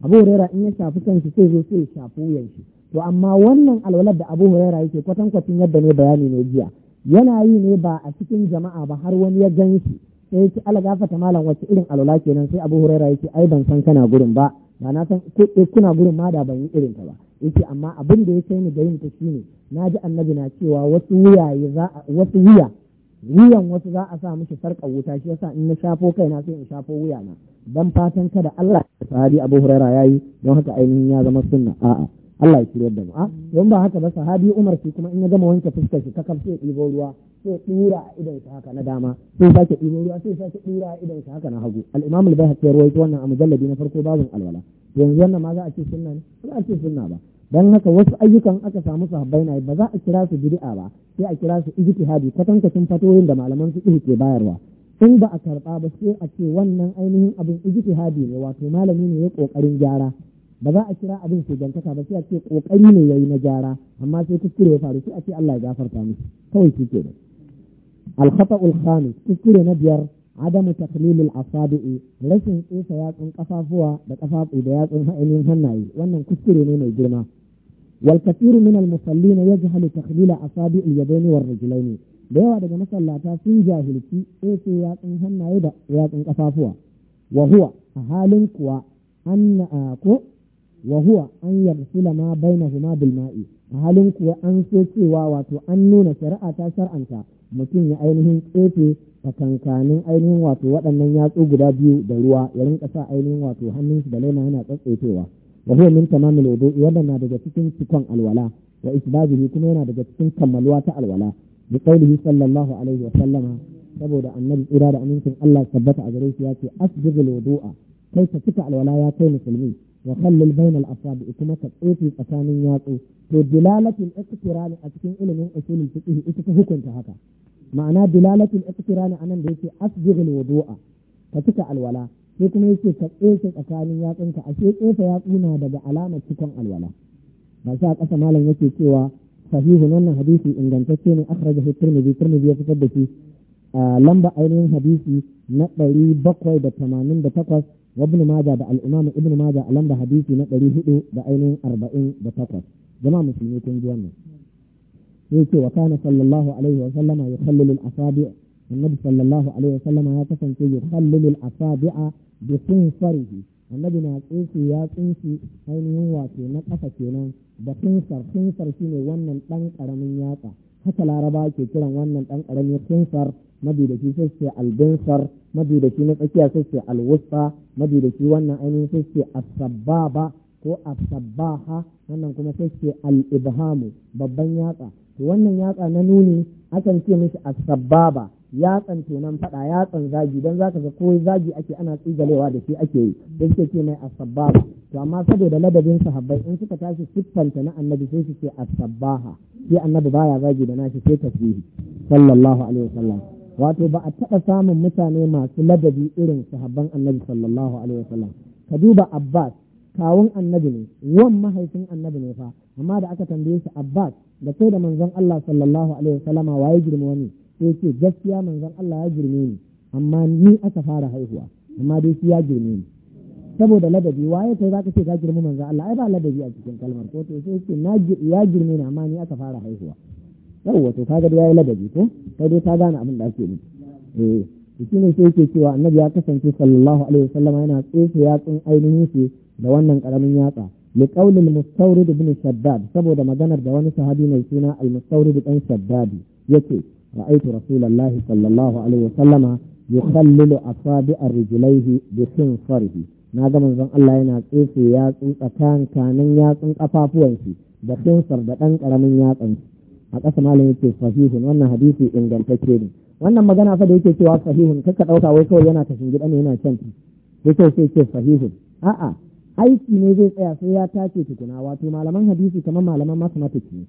abu huraira in ya shafi kanshi sai zo sai ya shafi wuyan shi to amma wannan alwalar da abu huraira yake kwatankwacin yadda ne bayani ne jiya yana yi ne ba a cikin jama'a ba har wani ya gan shi sai yake ala gafata malam wacce irin alwala kenan sai abu huraira yake ai ban san kana gurin ba ba na san eh, kuna gurin ma da ban yi irin ta ba yake amma abin da ya kai ni da yin ta shine na ji annabi na cewa wasu wuyaye za wasu wuya wuyan wasu za a sa mishi sarƙa wuta shi yasa in na shafo na sai in shafo na dan fatan kada Allah sahabi Abu Huraira yayi don haka ainihin ya zama sunna a'a Allah ya kire da mu a mm. don ba haka ba sahabi Umar shi kuma in ya gama wanke fuskar shi kakam sai ɗibo ruwa sai dura a idan shi haka na dama sai sake ɗibo ruwa sai sake dura a idan shi haka na hagu al-Imam al bayhaqi ya rawaito wannan a mujalladi na farko babun alwala yanzu wannan ma za a ce sunna ne ba a ce sunna ba dan haka wasu ayyukan aka samu sahabbai na ba za a kira su bid'a ba sai a kira su ijtihadi kwatankacin fatoyin da malaman su ke bayarwa in ba a karɓa ba sai a ce wannan ainihin abin ijtihadi ne wato malami ne ya ƙoƙarin gyara ba za a kira abin shigantaka ba sai a ce kokari ne yayi na gyara amma sai kuskure ya faru sai a ce Allah ya gafarta kawai shi ke nan al-khata'ul khamis kuskure na biyar عدم تقليل الأصابع rashin tsefa yatsun kafafuwa da kafafu da yatsun ainihin hannaye wannan kuskure ne mai girma wal kathiru min al musallin yajhalu taqlil asabi' al yadayn war rijlayn da yawa daga masallata sun jahilci tsefe yatsun hannaye da yatsun kafafuwa wa huwa a halin kuwa an ko wa huwa an yarsula ma bainahuma bil ma'i a halin kuwa an so cewa wato an nuna shari'a ta shar'anta mutum ya ainihin tsefe tsakankanin ainihin wato waɗannan yatsu guda biyu da ruwa ya rinka sa ainihin wato hannun shi da laima yana tsatsefewa wa huwa min tamamil wudu'i wannan na daga cikin cikon alwala wa isbabihi kuma yana daga cikin kammaluwa ta alwala bi qaulihi sallallahu alaihi wa sallama saboda annabi tsira da amincin Allah tabbata a gare shi yace asbigul wudu'a kai ka cika alwala ya kai musulmi wa khallil bainal asabi kuma ka tsefe tsakanin yatsu to dilalatul iqtirani a cikin ilimin usulul fiqh ita ta hukunta haka ma'ana ne a nan da yake asbighul wudu'a a cika alwala sai kuma yake ka tsefe tsakanin yatsunka ashe tsefe yatsu na daga alamar cikon alwala ba sa kasa malam yake cewa sahihu wannan hadisi ingantacce ne akhrajahu tirmidhi tirmidhi ya fitar da shi lamba ainihin hadisi na ɗari bakwai da tamanin da takwas وابن ماجه ده الإمام ابن ماجه ألم ده حديثي نقري هدو ده أين أربعين ده تقص جماعة مسلمين كن جوانا يقول وكان صلى الله عليه وسلم يخلل الأصابع النبي صلى الله عليه وسلم يتفن في يخلل الأصابع بصنفره النبي ما تنسي يا تنسي أين ينوى في نقفة كنا ده صنفر صنفر شيني وانا تنك أرمين ياتا haka laraba ke kiran wannan ɗan ƙaramin sinsar mabi da shi sai albensar madudaci na tsakiya sai ce alwusta madudaci wannan ainihin sai ce asababa ko asabaha wannan kuma sai ce al'ibhamu babban yatsa to wannan yatsa na nuni akan ce mishi asababa yatsan kenan fada yatsan zagi dan zaka ga ko zagi ake ana tsigalewa da shi ake yi da suke ce mai asababa to amma saboda ladabin sahabbai in suka tashi siffanta na annabi sai su ce asabaha sai annabi baya zagi da nashi sai tasbihi sallallahu alaihi wasallam wato ba a taɓa samun mutane masu ladabi irin sahabban annabi sallallahu alaihi wasallam ka duba abbas kawun annabi ne wan mahaifin annabi ne fa amma da aka tambaye shi abbas da kai da manzon allah sallallahu alaihi wasallam waye girma wani sai ce gaskiya manzon allah ya girme ni amma ni aka fara haihuwa amma dai shi ya girme ni saboda ladabi waye kai zaka ce ka girma manzon allah ai ba ladabi a cikin kalmar ko to sai ce na ya girme ni amma ni aka fara haihuwa yawwa to kaga da yayi ladabi ko sai dai ta gane abin da ake yi. eh shi ne sai yake cewa annabi ya kasance sallallahu alaihi wasallama yana tsefe yatsun ainihin shi da wannan karamin yatsa li qawli al-mustawrid ibn shaddad saboda maganar da wani sahabi mai suna al-mustawrid ibn shaddad ce. ra'aytu rasulullahi sallallahu alaihi wasallama yukhallilu asabi'a rijlaihi bi sinfarihi na ga manzon Allah yana tsefe yatsun tsakan kanin yatsun kafafuwan shi da sinfar da dan karamin yatsan a ƙasa malam yake sahihun wannan hadisi ingantacce ne wannan magana fa da yake cewa sahihun kakka ɗauka wai kawai yana tashin gida ne yana can da kyau sai ce sahihun a'a aiki ne zai tsaya sai ya tace tukuna wato malaman hadisi kamar malaman mathematics ne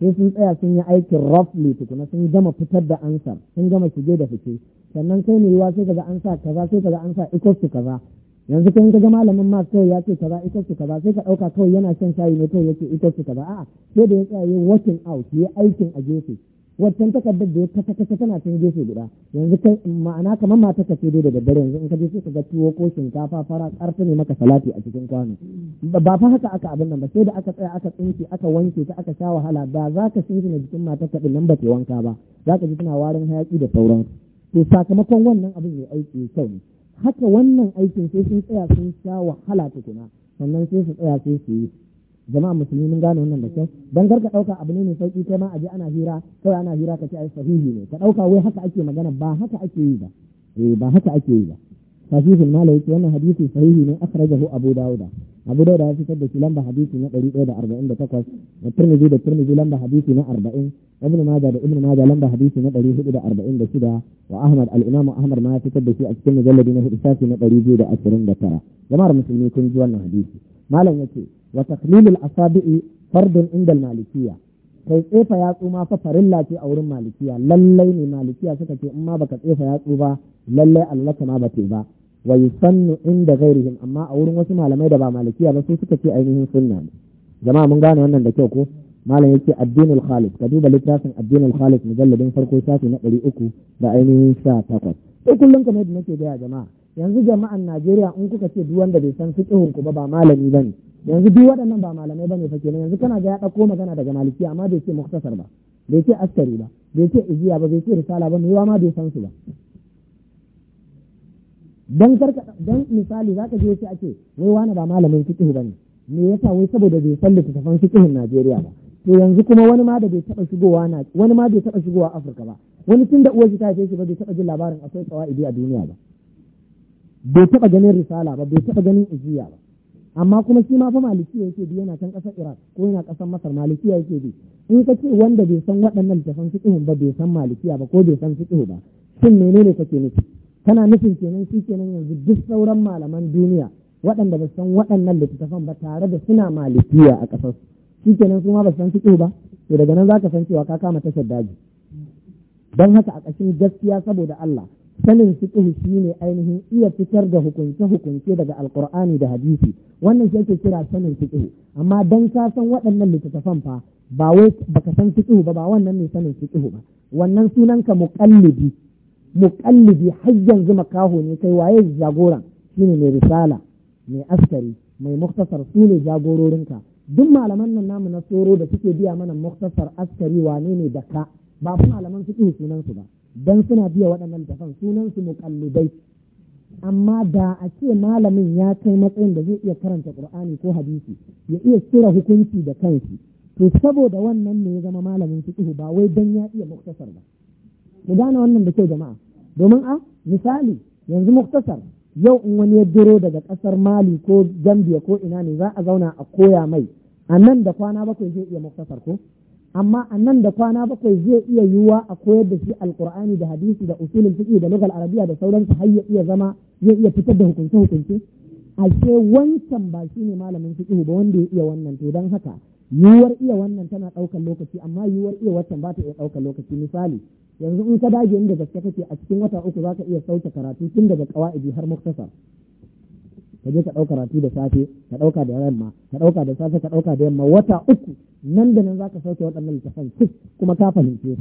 sai sun tsaya sun yi aikin roughly tukuna sun gama fitar da ansa sun gama shige da fice sannan kai mai yiwa sai kaga ansa kaza sai kaga ansa ikos equals kaza yanzu kun ga malamin ma kawai ya ce kaza ita su kaza sai ka ɗauka kawai yana shan shayi ne kawai yace ita su kaza a'a sai da ya tsaya yi working out yi aikin a gefe wancan takardar da ya kasa kasa tana cin gefe guda yanzu kai ma'ana kamar mata ka ce da daddare yanzu in ka je sai ka ga tuwo ko shinkafa fara karfi ne maka salati a cikin kwano ba fa haka aka abin nan ba sai da aka tsaya aka tsinke aka wanke ta aka sha wahala ba za ka shi ne jikin mata ka nan ba ta wanka ba za ka ji tana warin hayaki da sauran to sakamakon wannan abin ya aiki kyau ne haka wannan aikin sai sun tsaya sun sha wahala tukuna sannan sai su tsaya sai su yi jama'a musulmi mun gane wannan da kyau dan garka dauka abu ne mai sauki kai ma aje ana hira kawai ana hira ka ce ai sahihi ne ka ɗauka wai haka ake magana ba haka ake yi ba eh ba haka ake yi ba sahihul malai wannan hadisi sahihi ne akhrajahu abu dauda abu da ya fitar da shi lamba hadisi na ɗari ɗaya da arba'in da turmizi da turmizi lamba hadisi na arba'in ibn maja da ibn maja lamba hadisi na ɗari da arba'in da shida wa ahmad al-imamu ahmad ma ya fitar da shi a cikin mujalladi na hudu shafi na ɗari biyu da ashirin da tara jama'ar musulmi kun ji wannan hadisi malam yace wa taqlilul asabi'i fardun inda al-malikiyya kai tsefa yatsu ma fa farilla ce a wurin malikiya lallai ne malikiya suka ce in ma baka tsefa yatsu ba lallai allaka ma ba ba wa yusannu inda ghairihim amma a wurin wasu malamai da ba malikiya ba su suka ce ainihin sunna ne jama'a mun gane wannan da kyau ko malam yake addinul khalis ka duba littafin addinul khalis mujalladin farko shafi na ɗari uku da ainihin sha takwas to kullum kamar yadda nake gaya jama'a yanzu jama'an Najeriya in kuka ce duk wanda bai san fiqhun ku ba ba malami bane yanzu duk waɗannan ba malamai bane fa kenan yanzu kana ga ya ɗauko magana daga malikiya amma bai ce muktasar ba bai ce askari ba bai ce iziya ba bai ce risala ba mai ma bai san su ba Don karka dan misali je sai ake wai wani ba malamin fiqh ne me yasa wai saboda bai san littattafan fiqhin Najeriya ba to yanzu kuma wani ma da bai taba shigowa na wani ma bai taba shigowa Afirka ba wani tunda uwar shi ta haife shi ba bai taba jin labarin akwai qawaidi a duniya ba bai taba ganin risala ba bai taba ganin ijiya ba amma kuma shi ma fa malikiya yake bi yana kan kasar Iraq ko yana kasar Masar malikiya yake bi in ka ce wanda bai san waɗannan littattafan fiqhin ba bai san malikiya ba ko bai san fiqh ba shin menene kake nufi tana nufin kenan shi kenan yanzu duk sauran malaman duniya waɗanda ba san waɗannan littattafan ba tare da suna malikiya a ƙasar shi kenan su ma ba san fito ba to daga nan ka san cewa ka kama tashar daji don haka a ƙashin gaskiya saboda Allah sanin fito shi ne ainihin iya fitar da hukunce hukunce daga alkur'ani da hadisi wannan shi ake kira sanin fito. amma dan ka san waɗannan littattafan fa ba wai baka san fito ba ba wannan ne sanin fito ba wannan sunanka ka muƙallibi har yanzu makaho ne kai waye jagoran shine mai risala mai askari mai muktasar su ne jagororinka duk malaman nan namu na tsoro da suke biya mana muktasar askari wane ne da ka ba su malaman su ƙi sunan ba dan suna biya waɗannan dafan sunan su amma da a ce malamin ya kai matsayin da zai iya karanta ƙur'ani ko hadisi ya iya cire hukunci da kanshi to saboda wannan ne ya zama malamin fiqh ba wai don ya iya muktasar ba mu gane wannan da kyau jama'a domin a ah, misali yanzu muktasar yau in wani ya biro daga kasar mali ko gambia ko ina ne za a zauna a koya mai a nan da kwana bakwai zai iya muktasar ko amma a nan da kwana bakwai zai iya yiwuwa a koyar da shi Alƙur'ani da hadisi da usulin fiqh da lugal arabiya da sauransu har ya iya zama zai iya fitar da hukunce hukunce ashe wancan ba shi ne malamin fiqh ba wanda ya iya wannan to dan haka yiwuwar iya wannan tana ɗaukar lokaci amma yiwuwar iya wancan ba ta iya ɗaukar lokaci misali yanzu in ka dage inda gaske kake a cikin wata uku za ka iya sauke karatu tun daga kawaidi har muktasar ka je ka ɗau karatu da safe ka ɗauka da yamma ka ɗauka da safe ka ɗauka da yamma wata uku nan da nan za ka sauke waɗannan littafan cik kuma ka fahimce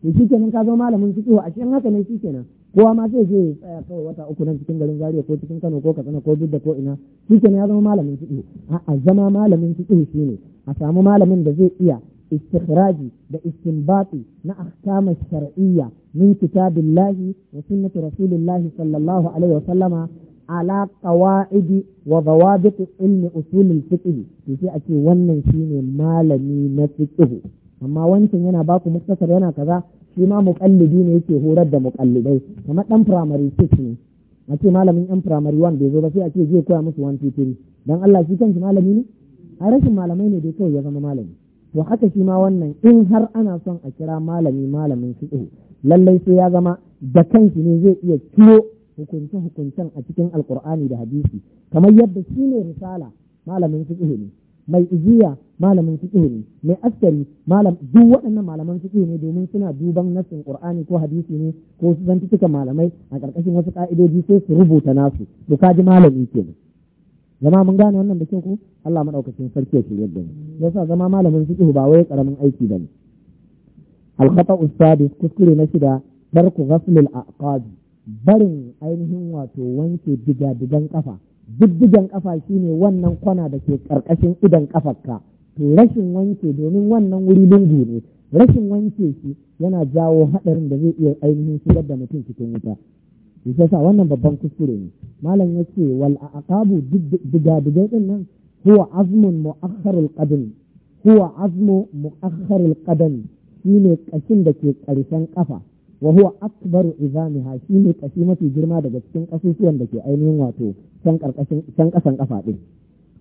to shi kenan ka zama malamin fiqh a cikin haka ne shi kenan kowa ma zai je tsaya kawai wata uku nan cikin garin zariya ko cikin Kano ko Katsina ko duk da ko ina shi kenan ya zama malamin fiqh a'a zama malamin shi shine a samu malamin da zai iya Istikraji da istinbati na ahkama shar'iyya min kitabillahi wa sunnati rasulillahi sallallahu alaihi wa sallama ala qawaidi wa ilmi usulul fiqh sai a ce wannan shine malami na fiqh amma wancan yana baku muktasar yana kaza shi ma muqallidi ne yake horar da muqallidai kamar dan primary 6 ne a ce malamin yan primary 1 ya zo ba sai a ce zai koya musu 1 2 3 dan Allah shi kanshi malami ne a rashin malamai ne dai kawai ya zama malami to haka shi ma wannan in har ana son a kira malami malamin fiqh lallai sai ya zama da kanshi ne zai iya ciro hukunce hukuncen a cikin alƙur'ani da hadisi kamar yadda shi ne risala malamin fiqh ne mai ijiya malamin fiqh ne mai askari malam duk waɗannan malaman fiqh ne domin suna duban nassin qur'ani ko hadisi ne ko su zantuka malamai a ƙarƙashin wasu ƙa'idoji sai su rubuta nasu to kaji malami kenan zama mun gane wannan da kyau Allah madaukakin sarki ya shirye yadda mu yasa zama malamin fiqh ba wai karamin aiki bane al-khata ustadi kuskure na shida barku ghasl al-aqab barin ainihin wato wanke diga-digan kafa diddigan kafa shine wannan kwana da ke karkashin idan kafarka to rashin wanke domin wannan wuri lungu ne rashin wanke shi yana jawo haɗarin da zai iya ainihin shigar da mutum cikin wuta shi sa wannan babban kuskure ne malam ya ce wal aqabu digadigai din nan huwa azmun mu'akhkharul qadam huwa azmu mu'akhkharul qadam shine kashin da ke karshen kafa wa huwa akbaru izamiha shine kashi mafi girma daga cikin kasusuwan da ke ainihin wato can karkashin can kasan kafa din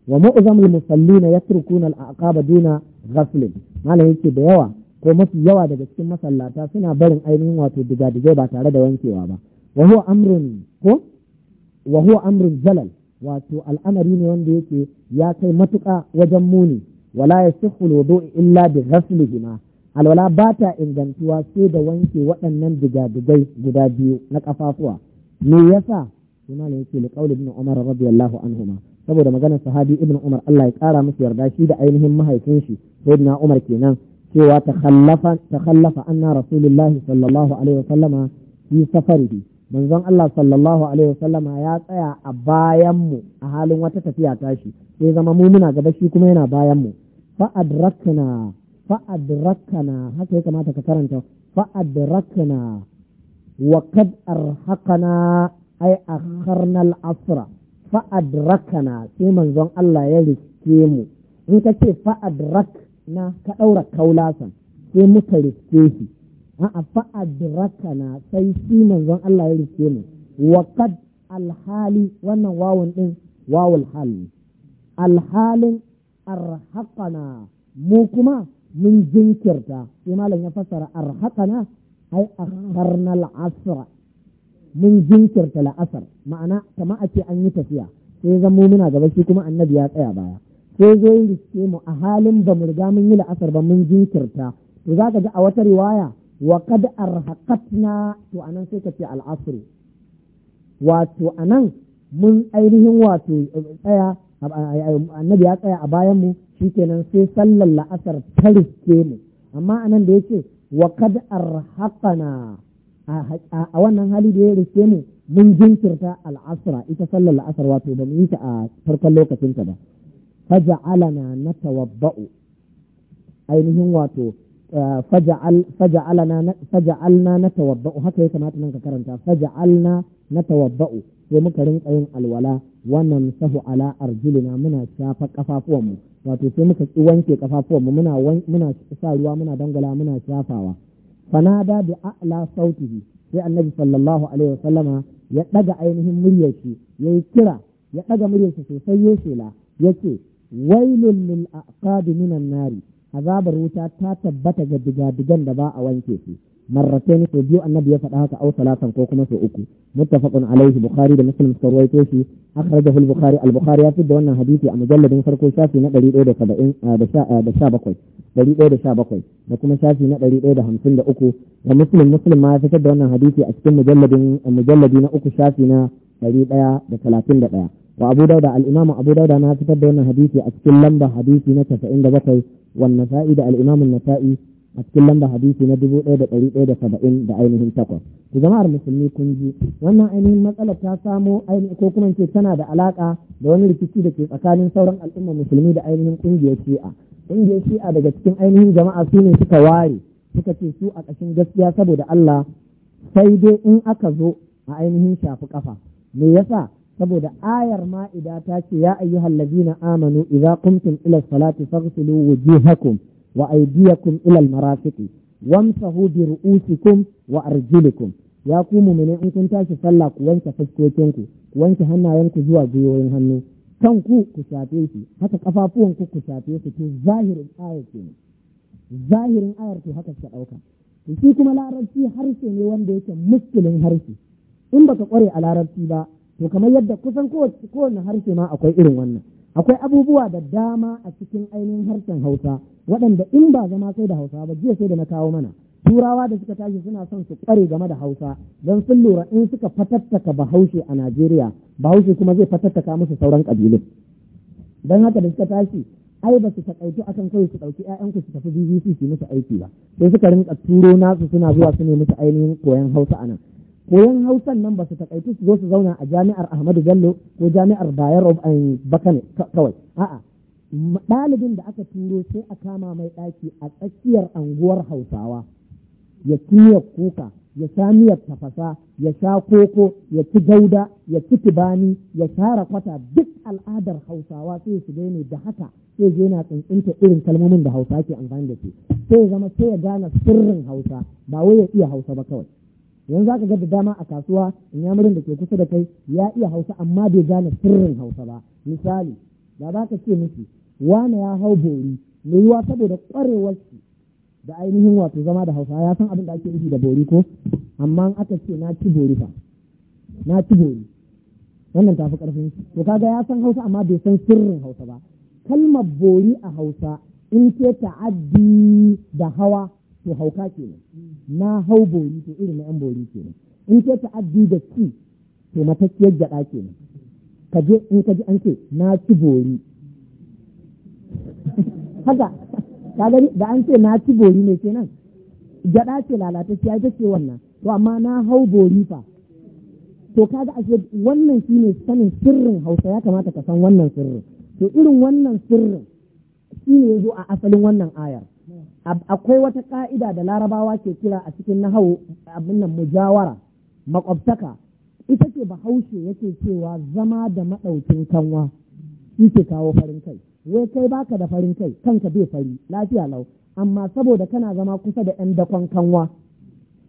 wa mu'zamul musallina yatrukuna al-aqaba duna ghasl malam ce da yawa ko mafi yawa daga cikin masallata suna barin ainihin wato digadigai ba tare da wankewa ba wa Amrin jalal wato al'amari ne wanda yake ya kai matuƙa wajen muni wala ya yasihu in illa bi ghaslihima alwala ba ta ingantuwa sai da wanke waɗannan digadigai guda biyu na ƙafafuwa. me yasa kuma ne yake liqaul ibn umar radiyallahu anhuma saboda maganar sahabi ibn umar Allah ya kara musu yarda shi da ainihin mahaifin shi sayyidina umar kenan cewa takhallafa takhallafa anna rasulullahi sallallahu alaihi wasallama fi safarihi manzon Allah sallallahu alaihi wasallama ya tsaya a bayan mu a halin wata tafiya tashi sai zama mu muna gaba shi kuma yana bayan mu fa haka ya kamata ka karanta fa adrakna wa kad arhaqana ay akharna al-asra fa sai manzon Allah ya riske mu in ka ce fa adrakna ka daura kaulasan sai muka riske shi a'a fa adrakana sai shi manzon Allah ya rike mu wa alhali wannan wawun din wawul hal alhalin arhaqana mu kuma mun jinkirta sai malam ya fassara arhaqana ai akharna al'asr mun jinkirta la'asar ma'ana kama a ce an yi tafiya sai zan mu gaba shi kuma annabi ya tsaya baya sai zo riske mu a halin ba mu riga mun yi la'asar ba mun jinkirta to za ka ga a wata riwaya wa qad arhaqatna to nan sai ka ce al'asr wato nan mun ainihin wato tsaya annabi ya tsaya a bayan mu shikenan sai sallar la'asar ta riske mu amma anan da yake wa qad arhaqana a wannan hali da ya riske mu mun jinkirta al'asra ita sallar la'asar wato bamu mu yi ta a farkon lokacinta ba faja'alana natawabba'u ainihin wato faja'alna na tawabba'u haka ya kamata nan ka karanta faja'alna na tawabba'u sai muka rinka yin alwala wannan sahu ala arjulina muna shafa kafafuwanmu wato sai muka ki wanke kafafuwanmu muna muna sa ruwa muna dangala muna shafawa fanada bi a'la sautihi sai annabi sallallahu alaihi wasallama ya daga ainihin muryar shi yayi kira ya daga muryar shi sosai ya ce yace wailul lil aqab minan nari azabar wuta ta tabbata ga digadigan da ba a wanke su marratai ne biyu annabi ya faɗa haka au salatan ko kuma sau uku muttafaqun alaihi bukhari da muslim suka ruwaito shi akhrajahu al-bukhari al-bukhari ya da wannan hadisi a mujalladin farko shafi na 117 da kuma shafi na 153 da muslim muslim ma ya fitar da wannan hadisi a cikin mujalladin mujalladi na uku shafi na 131 wa abu dauda al-imam abu dauda na fitar da wannan hadisi a cikin lamba hadisi na 97 wan Sa'i da al-imam an-nasa'i a cikin lamba hadisi na dubu ɗaya da ɗari ɗaya da saba'in da ainihin takwas to jama'ar musulmi kun ji wannan ainihin matsalar ta samo ainihin ko kuma ce tana da alaƙa da wani rikici da ke tsakanin sauran al'umma musulmi da ainihin ƙungiyar shi'a ƙungiyar shi'a daga cikin ainihin jama'a su ne suka ware suka ce su a ƙashin gaskiya saboda Allah sai dai in aka zo a ainihin shafi ƙafa me yasa saboda ayar ma'ida ta ce ya ayyuhal na amanu iza qumtum ila salati faghsilu wujuhakum wa aidiyakum ila almarafiqi wamsahu bi ru'usikum wa arjulikum ya ku muni in kun tashi sallah ku wanke fuskokinku ku wanke hannayenku zuwa gwiwoyin hannu kan ku ku shafe shi haka kafafuwanku ku shafe shi, to zahirin ayar ke zahirin ayar to haka suka dauka shi kuma larabci harshe ne wanda yake muskilin harshe in baka kware a larabci ba to kamar yadda kusan kowane harshe ma akwai irin wannan akwai abubuwa da dama a cikin ainihin harshen hausa waɗanda in ba zama sai da hausa ba jiya sai da na kawo mana turawa da suka tashi suna son su kware game da hausa don sun lura in suka fatattaka bahaushe a najeriya bahaushe kuma zai fatattaka musu sauran ƙabilun don haka da suka tashi ai ba su a akan kawai su ɗauki ƴaƴanku su tafi BBC su musu aiki ba sai suka rinka turo nasu suna zuwa su ne musu ainihin koyon Hausa a nan. koyon hausan nan ba su takaitu su zo su zauna a jami'ar ahmadu bello ko jami'ar bayero eh, bakane kawai a'a ɗalibin da aka turo sai a kama mai ɗaki a tsakiyar anguwar hausawa ya kiyar kuka ya sha miyar tafasa ya sha koko ya ci gauda ya ci tibani ya share kwata duk al'adar hausawa sai su ne da haka sai je na tsintsinta irin kalmomin da hausa ke amfani da su sai ya zama sai ya gane sirrin hausa ba wai ya iya hausa ba kawai yanzu aka ga da dama a kasuwa in inyamurin da ke kusa da kai ya iya hausa amma bai gane sirrin hausa ba misali da za ka ce miki wane ya hau bori mai yiwa saboda kwarewar shi da ainihin wato zama da hausa ya san abin da ake nufi da bori ko amma aka ce na ci bori fa na ci bori wannan tafi karfin to kaga ya san hausa amma bai san sirrin hausa ba kalmar bori a hausa in ce ta'addi da hawa to hauka kenan na hau bori to irin na yan bori kenan in ta ta'addi da ci to matakkiyar gyaɗa kenan ka je in ka ji an ce na ci bori [LAUGHS] haka ka gani da an ce na ci bori ne kenan gyaɗa ce lalata lalatacciya ita ce wannan to amma na hau bori fa to kaga ashe wannan shine sanin sirrin Hausa ya kamata ka san wannan sirrin to irin wannan sirrin shine yazo a asalin wannan ayar akwai wata ƙa'ida da larabawa ke kira a cikin nahawu abin nan mujawara makwabtaka ita ce bahaushe yake cewa zama da maɗaukin kanwa shi ke kawo farin kai wai kai baka da farin kai kanka bai fari lafiya lau amma saboda kana zama kusa da yan dakon kanwa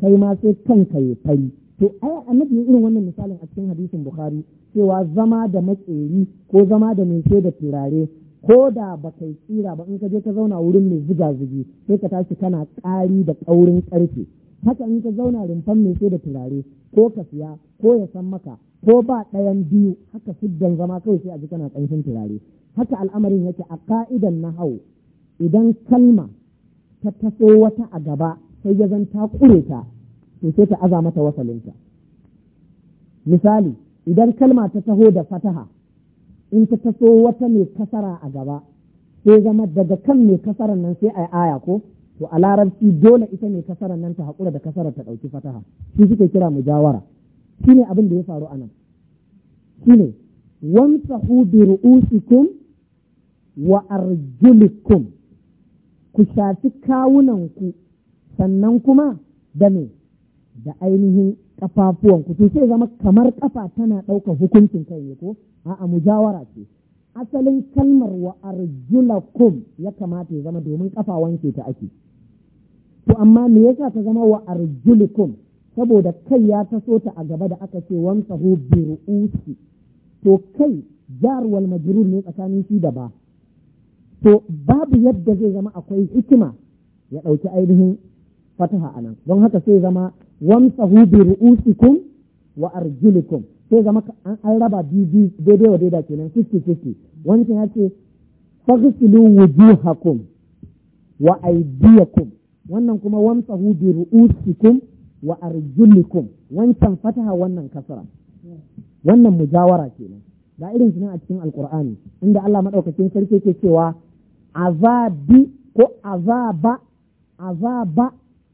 kai ma sai kanka ya fari to ai annabi irin wannan misalin a cikin hadisin bukhari cewa zama da maƙeri ko zama da mai da turare ko da ba kai tsira ba in ka je ka zauna wurin mai ziga zigi sai ka tashi kana ƙari da ƙaurin ƙarfe haka in ka zauna rumfan mai sai da turare ko ka siya ko ya san maka ko ba ɗayan biyu haka siddan zama kawai sai a ji kana ƙanshin turare haka al'amarin yake a ka'idan na hau idan kalma ta taso wata a gaba sai ya zan ta ƙure ta to sai ta aza mata wasalinta misali idan kalma ta taho da fataha in ta taso wata mai kasara a gaba sai zama daga kan mai kasaran nan sai a aya ko to a larabci dole ita mai kasaran nan ta haƙura da kasarar ta ɗauki fataha shi suke kira mujawara shi ne abin da ya faru a nan shi ne wamsahu bi ru'usikum wa arjulikum ku shafi kawunanku sannan kuma da me da ainihin Ƙafafuwan to sai zama kamar ƙafa tana ɗaukar hukuncin kai ne ko a'a mujawara ce asalin kalmar wa arjulakum ya kamata ya zama domin ƙafa wanke ta ake to amma me yasa ta zama wa arjulikum saboda kai ya taso ta a gaba da aka ce wamsahu bi ru'usi to kai jar wal majrur ne tsakanin shi da ba to babu yadda zai zama akwai hikima ya ɗauki ainihin fataha a nan don haka sai zama wamsahu bi ru'usikum wa arjulikum sai zama an raba bibi daidai wa daidai kenan 50-50 wani ya ce faghsilu wujuhakum wa aydiyakum wannan kuma wamsahu bi ru'usikum wa arjulikum wancan fataha wannan kasara wannan mujawara kenan da irin shi a cikin alkur'ani inda Allah madaukakin sarki ke cewa azabi ko azaba azaba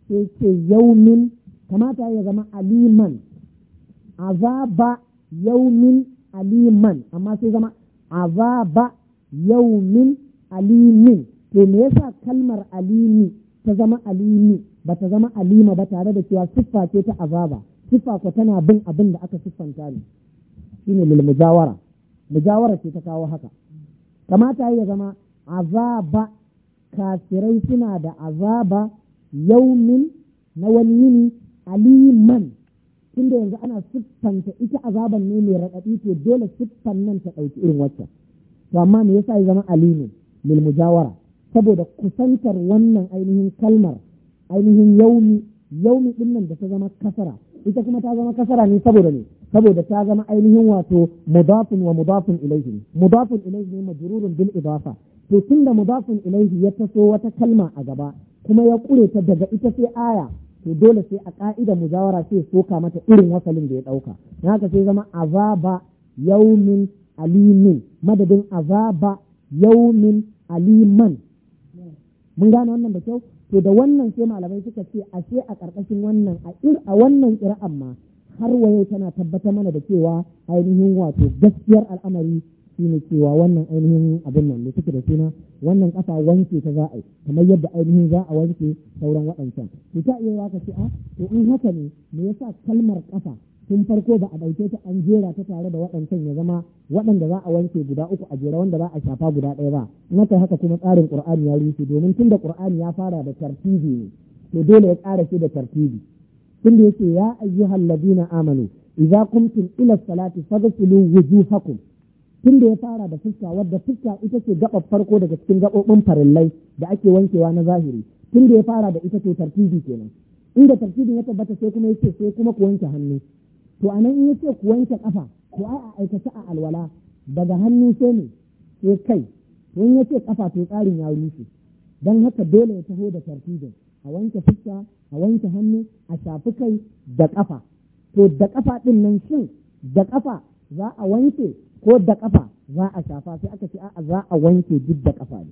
ke ce yaumin kamata ya zama aliman azaba yaumin aliman amma sai zama azaba yaumin alimin to me yasa kalmar alimi ta zama alimi ba ta zama alima ba tare da cewa siffa ce ta azaba siffa ko tana bin abin da aka siffanta ne shine lil mujawara mujawara ce ta kawo haka kamata ya zama azaba kafirai suna da azaba yaumin na wani yini aliman tunda yanzu ana siffanta ita azaban ne mai raɗaɗi to dole siffan nan ta ɗauki irin waccan to amma me yasa ya zama alimin lil mujawara saboda kusantar wannan ainihin kalmar ainihin yaumi yaumi din nan da ta zama kasara ita kuma ta zama kasara ne saboda ne saboda ta zama ainihin wato mudafin wa mudafin ilaihi mudafin ilaihi ne majrurun bil idafa to tunda mudafin ilaihi ya taso wata kalma a gaba kuma ya kure ta daga ita sai aya to dole sai a mu mujawara sai soka mata irin wasalin da ya ɗauka na haka sai zama azaba yaumin alimin madadin azaba yaumin aliman mun gane wannan da kyau to da wannan sai malamai suka ce a sai a ƙarƙashin wannan a wannan ƙira'an amma har yau tana tabbatar mana da cewa ainihin wato gaskiyar al'amari ne cewa wannan ainihin abin nan da suke da suna wannan ƙasa wanke ta za a yi kamar yadda ainihin za a wanke sauran waɗancan to ta iya ka ce a ah, to in haka ne me yasa kalmar ƙasa tun farko ba a ɗauke ta an jera ta tare da waɗancan ya zama waɗanda za a wanke guda uku a jera wanda za a shafa guda ɗaya ba in kai haka kuma tsarin ƙur'ani ya rushe domin tun da ƙur'ani ya fara da tartibi ne to dole ya ƙara shi da tartibi tun da yake ya ayyuhal ladina amanu idza qumtum ila salati faghsilu wujuhakum tun da ya fara da fuska wadda fuska ita ce gabar farko daga cikin gaɓoɓin farillai da ake wankewa na zahiri tun da ya fara da ita to tartibi kenan inda tartibin ya tabbata sai kuma yace sai kuma ku wanke hannu to a nan in ya ce ku wanke kafa ku ai a aikace a alwala daga hannu sai ne sai kai to in ce kafa to tsarin ya rushe Don haka dole ya taho da tartibin a wanke fuska a wanke hannu a shafi kai da kafa to da kafa din nan shin da kafa za a wanke ko da ƙafa za a shafa sai aka ce a'a za a wanke duk da ƙafa. ne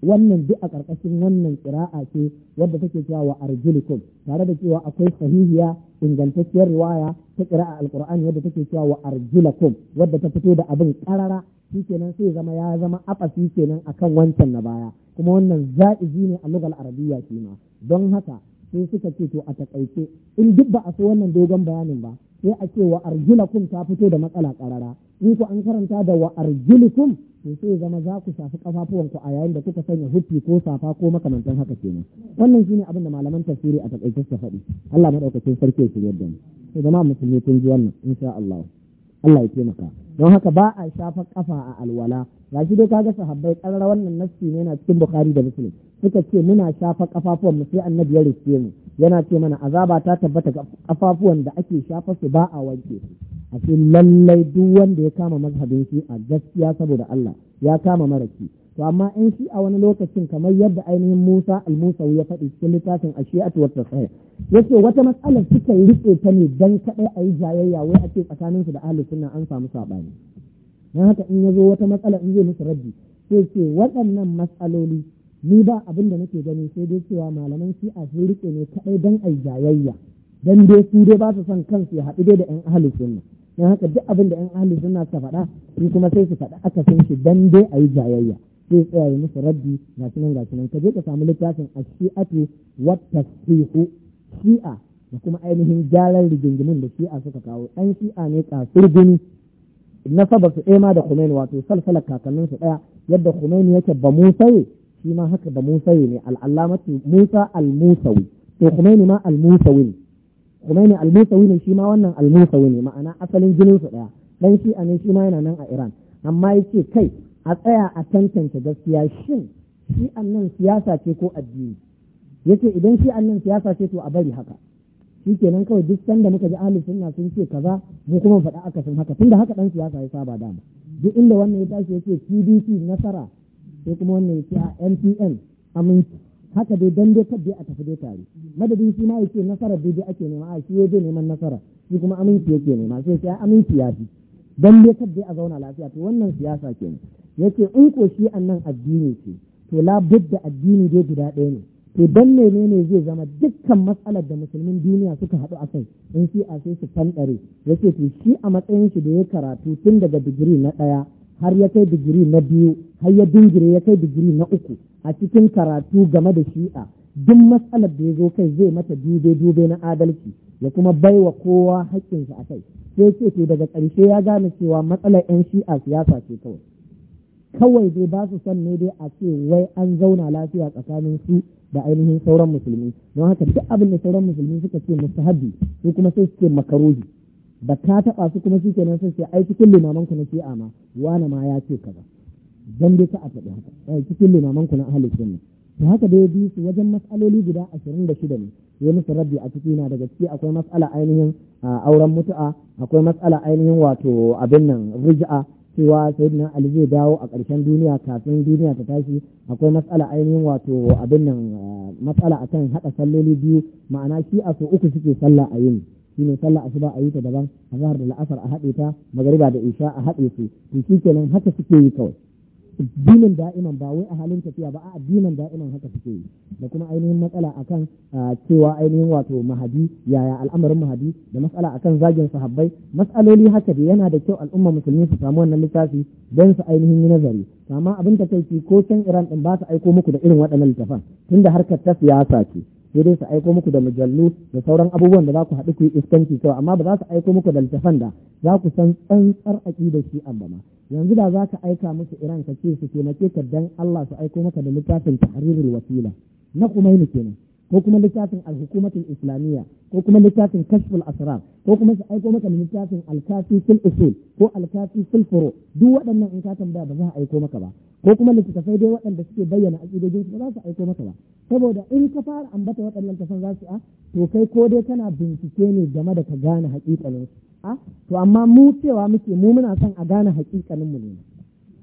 wannan duk a ƙarƙashin wannan ƙira'a ce wadda take cewa wa arjulikum tare da cewa akwai sahihiya ingantacciyar riwaya ta ƙira'a Alƙur'ani wadda take cewa wa arjulakum wadda ta fito da abin ƙarara shikenan sai zama ya zama afasi kenan akan wancan na baya kuma wannan za'izi ne a lugal arabiya shi ma don haka sai suka ce to a takaice in duk ba a so wannan dogon bayanin ba sai a ce wa arjulakum ta fito da matsala ƙarara in ku an karanta da wa arjulukum to sai zama za ku shafi kafafuwanku a yayin da kuka sanya huffi ko safa ko makamantan haka kenan wannan shine abin da malaman tafsiri a takaice suka faɗi Allah madaukakin sarki ya shirye da mu to zama musulmi kun ji wannan insha Allah Allah ya taimaka don haka ba a shafa kafa a alwala gashi dai kaga sahabbai karara wannan nassi ne na cikin Bukhari da Muslim suka ce muna shafa kafafuwan mu sai annabi ya rufe mu yana ce mana azaba ta tabbata ga kafafuwan da ake shafa su ba a wanke su a ce lallai duk wanda ya kama mazhabin shi a gaskiya saboda Allah ya kama maraki to amma in shi a wani lokacin kamar yadda ainihin Musa al-Musawi ya faɗi cikin littafin Ashiyatu wa Tasahih yace wata matsalar suka rike ta ne dan a yi jayayya wai a ce tsakanin su da ahli sunna an samu sabani dan haka in yazo wata matsala in zai musu raddi sai ce waɗannan matsaloli ni ba abin da nake gani sai dai cewa malaman shi a sun riƙe ne kaɗai don ayi jayayya don dai su dai ba su son kansu ya haɗu dai da yan ahli sunna dan haka duk abin da yan ahli suna suka faɗa su kuma sai su faɗa aka san shi don dai yi jayayya sai tsaya musu raddi ga nan ga nan ka je ka samu littafin a ashi'atu wata tasihu shi'a da kuma ainihin gyaran rigingimin da shi'a suka kawo ɗan shi'a ne kasur gini na saba su ema da kumeni wato salsalar kakanninsu ɗaya yadda ya yake ba mu sai shi ma haka da musawi ne al'allamatu musa al-musawi to kumaini ma al-musawi ne kumaini al-musawi ne shi ma wannan al-musawi ne ma'ana asalin jinin su daya dan shi a ne shi ma yana nan a iran amma ya ce kai a tsaya a tantance gaskiya shin shi annan siyasa ce ko addini yace idan shi annan siyasa ce to a bari haka shi kenan kawai duk sanda muka ji ahli sunna sun ce kaza mu kuma faɗa akasin haka tunda haka dan siyasa ya saba dama duk inda wannan ya tashi yace PDP nasara sai kuma wannan ya ce a MTN aminci haka dai dan dai kadai a tafi dai tare madadin shi ma ya ce nasara dai ake nema a shi ya neman nasara shi kuma aminci yake nema sai a aminci ya fi dan dai kadai a zauna lafiya to wannan siyasa kenan yace in ko shi annan addini ce to la budda addini dai guda ɗaya ne to dan menene zai zama dukkan matsalar da musulmin duniya suka haɗu a kai in shi a sai su fanɗare yace to shi a matsayin shi da ya karatu tun daga digiri na ɗaya har ya kai digiri na biyu har ya dingire ya kai digiri na uku a cikin karatu game da shi'a duk matsalar da ya zo kai zai mata dube dube na adalci ya kuma baiwa kowa haƙƙinsa a kai sai ce to daga ƙarshe ya gane cewa matsalar 'yan shi'a siyasa ce kawai kawai zai ba su son ne dai a ce wai an zauna lafiya tsakanin su da ainihin sauran musulmi don haka duk abin da sauran musulmi suka ce musu mustahabi su kuma sai su ce da ta taɓa su kuma shi kenan sai ai cikin limaman ku na shi'a ma wani ma ya ce kaza dan dai ka a faɗi haka ai cikin limaman ku na ahli sunna to haka dai bi su wajen mas'aloli guda ashirin da shida ne ya musu rabbi a ciki na daga ciki akwai mas'ala ainihin auren mutu'a akwai mas'ala ainihin wato abin nan rij'a cewa sayyidina ali zai dawo a ƙarshen duniya kafin duniya ta tashi akwai matsala ainihin wato abin nan matsala akan haɗa salloli biyu ma'ana shi a so uku suke sallah a yini shi ne asuba a yi ta daban a zahar da la'asar a haɗe ta magariba da isha a haɗe su to kenan haka suke yi kawai addinin da'iman ba wai a halin tafiya ba a addinin da'iman haka suke yi da kuma ainihin matsala akan cewa ainihin wato mahadi yaya al'amarin mahadi da matsala akan zagin sahabbai matsaloli haka da yana da kyau al'umma musulmi su samu wannan littafi don su ainihin yi nazari kama abin ta kai ko can iran din ba su aiko muku da irin waɗannan littafan tunda harkar ta siyasa ce sai dai su aiko muku da mujallu da sauran abubuwan da za ku haɗu ku yi iskanci kawai amma ba za su aiko muku da littafan da za ku san tsantsar da shi a ba yanzu da za ka aika musu iran ka ce su taimake ka dan Allah su aiko maka da littafin tahrirul wasila na kuma kumaini kenan ko kuma littafin al islamiyya ko kuma littafin kashful asrar ko kuma su aiko maka littafin al-kafi fil usul ko al-kafi fil furu duk waɗannan in ka tambaya ba za a aiko maka ba ko kuma littafai dai waɗanda suke bayyana aƙidojin su ba za su aiko maka ba saboda in ka fara ambata waɗannan tafan za su a ah, to kai ko dai kana bincike ne game da ka gane haƙiƙanin a ah, to amma mu cewa muke mu muna son a gane haƙiƙanin mu ne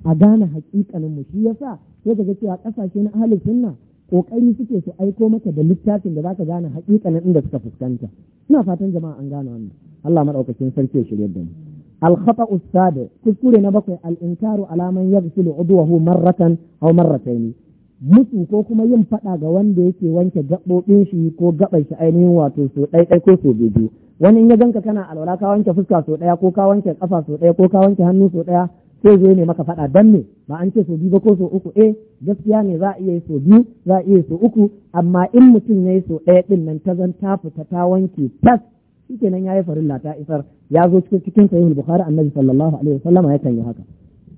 a gane haƙiƙanin mu shi yasa sai ga cewa ƙasashe na ahlus sunna ƙoƙari suke su aiko maka da littafin da za ka gane na inda suka fuskanta ina fatan jama'a an gane wannan Allah madaukakin sarki ya shirye da mu الخطأ السابع kuskure na bakwai al'inkaru alaman ya fi udwahu marratan aw ne. musu ko kuma yin faɗa ga wanda yake wanke gaɓoɓin shi ko gaɓar shi ainihin wato so ɗaiɗai ko so biyu wani in ya ganka kana alwala ka wanke fuska so ɗaya ko ka wanke ƙafa so ɗaya ko ka wanke hannu so ɗaya sai zo ne maka faɗa dan ne ba an ce so biyu ba ko so uku eh gaskiya ne za a iya yi so biyu za a iya yi so uku amma in mutum ya yi so ɗaya ɗin nan ta zan ta fita ta wanke tas nan ya yi farilla ta isar ya zo cikin cikin sahihul bukhari annabi sallallahu alaihi wasallama yakan yi haka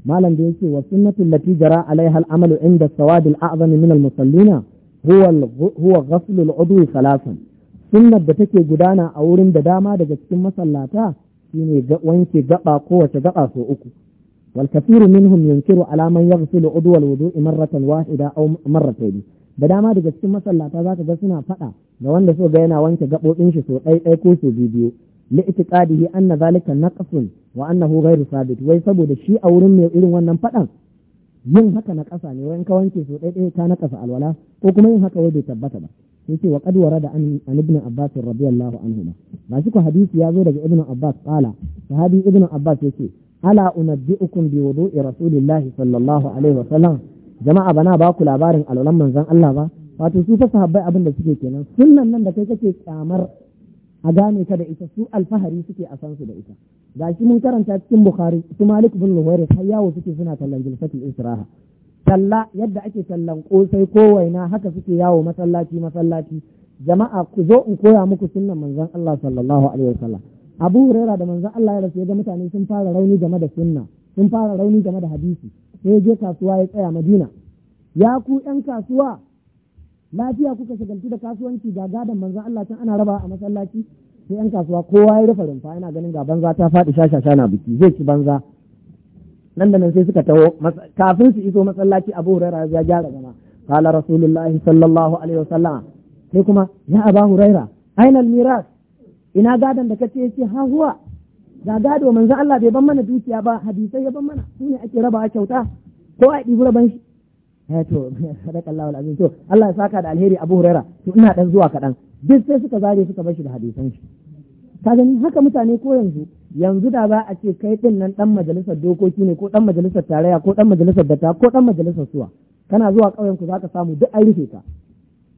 malam da yake wa sunnatu allati jara alaiha al-amalu inda sawadil a'zami min al-musallina huwa huwa ghaslu al-udwi salasan sunnar da take gudana a wurin da dama daga cikin masallata shine wanke gaba kowace gaba so uku والكثير منهم ينكر على من يغسل عضو الوضوء مرة واحدة أو مرتين da dama daga cikin masallata za ka ga suna faɗa ga wanda so ga yana wanke gaɓoɓin shi so ɗaiɗai ko so biyu li itiqadihi anna zalika naqsun wa annahu ghairu sabit wai saboda shi a wurin mai irin wannan faɗan yin haka na ƙasa ne wai ka wanke so ɗaiɗai ka na ƙasa alwala ko kuma yin haka wai bai tabbata ba sai ce wa qad warada an ibn abbas radiyallahu anhu ba shi ko hadisi ya zo daga ibn abbas qala sahabi ibn abbas yake ala ukun bi wudu'i rasulillahi sallallahu alaihi wasallam jama'a bana ba ku labarin alwalan manzon Allah ba wato su fa sahabbai abin da suke kenan sunnan nan da kai kake kyamar a gane ka da ita su alfahari suke a san su da ita gashi mun karanta cikin bukhari su malik bin nuwairis har yawo suke suna tallan jilfatul israha talla yadda ake tallan kosai ko waina haka suke yawo masallaci masallaci jama'a ku zo in koya muku sunnan manzon Allah sallallahu alaihi wasallam abu huraira da manzon Allah ya rasu ya ga mutane sun fara rauni game da sunna sun fara rauni game da hadisi sai ya je kasuwa ya tsaya madina ya ku yan kasuwa lafiya kuka shagaltu da kasuwanci ga gadan manzon Allah can ana raba a masallaci sai yan kasuwa kowa ya rufe rumfa yana ganin ga banza ta faɗi shashasha na biki zai ci banza nan da nan sai suka taho kafin su iso masallaci abu huraira ya gyara zama qala rasulullahi sallallahu alaihi wasallam sai kuma ya aba huraira ainal miras ina gadon da kace yace ha huwa ga gado manzo Allah bai ban mana dukiya ba hadisai ya ban mana shine ake rabawa kyauta ko a dibi raban shi eh to [LAUGHS] sadakallahu alazim to Allah ya saka da alheri Abu Huraira to ina dan zuwa kaɗan duk sai suka zare suka bar shi da hadisan shi ka gani haka mutane ko yanzu yanzu da za a ce kai din nan dan majalisar dokoki ne ko dan majalisar tarayya ko dan majalisar data ko dan majalisar suwa kana zuwa ƙauyen ku zaka samu duk an rufe ka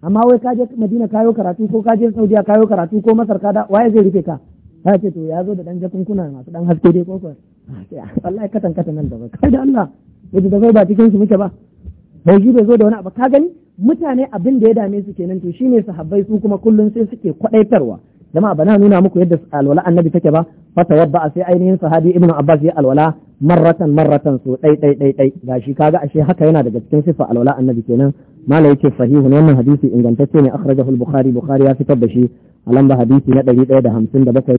amma wai ka je Madina kayo karatu ko ka je Saudiya kayo karatu ko Masar ka da waye zai rufe ka ka ce to ya zo da dan jakunkuna masu dan haske dai koko ya katan katan nan gaba kai da Allah yaji da kai ba cikin su muke ba bai ji bai zo da wani abu ka gani mutane abin da ya dame su kenan to shine sahabbai su kuma kullun sai suke kwadaitarwa jama'a bana nuna muku yadda alwala annabi take ba fa tawabba sai ainihin sahabi ibnu abbas ya alwala marratan marratan so ɗai ɗai ɗai ɗai gashi kaga ashe haka yana daga cikin sifa alwala annabi kenan mala yake sahihu ne wannan hadisi ingantacce ne akhrajahu al-bukhari bukhari ya fitar da shi a lamba hadisi na ɗari ɗaya da hamsin da bakwai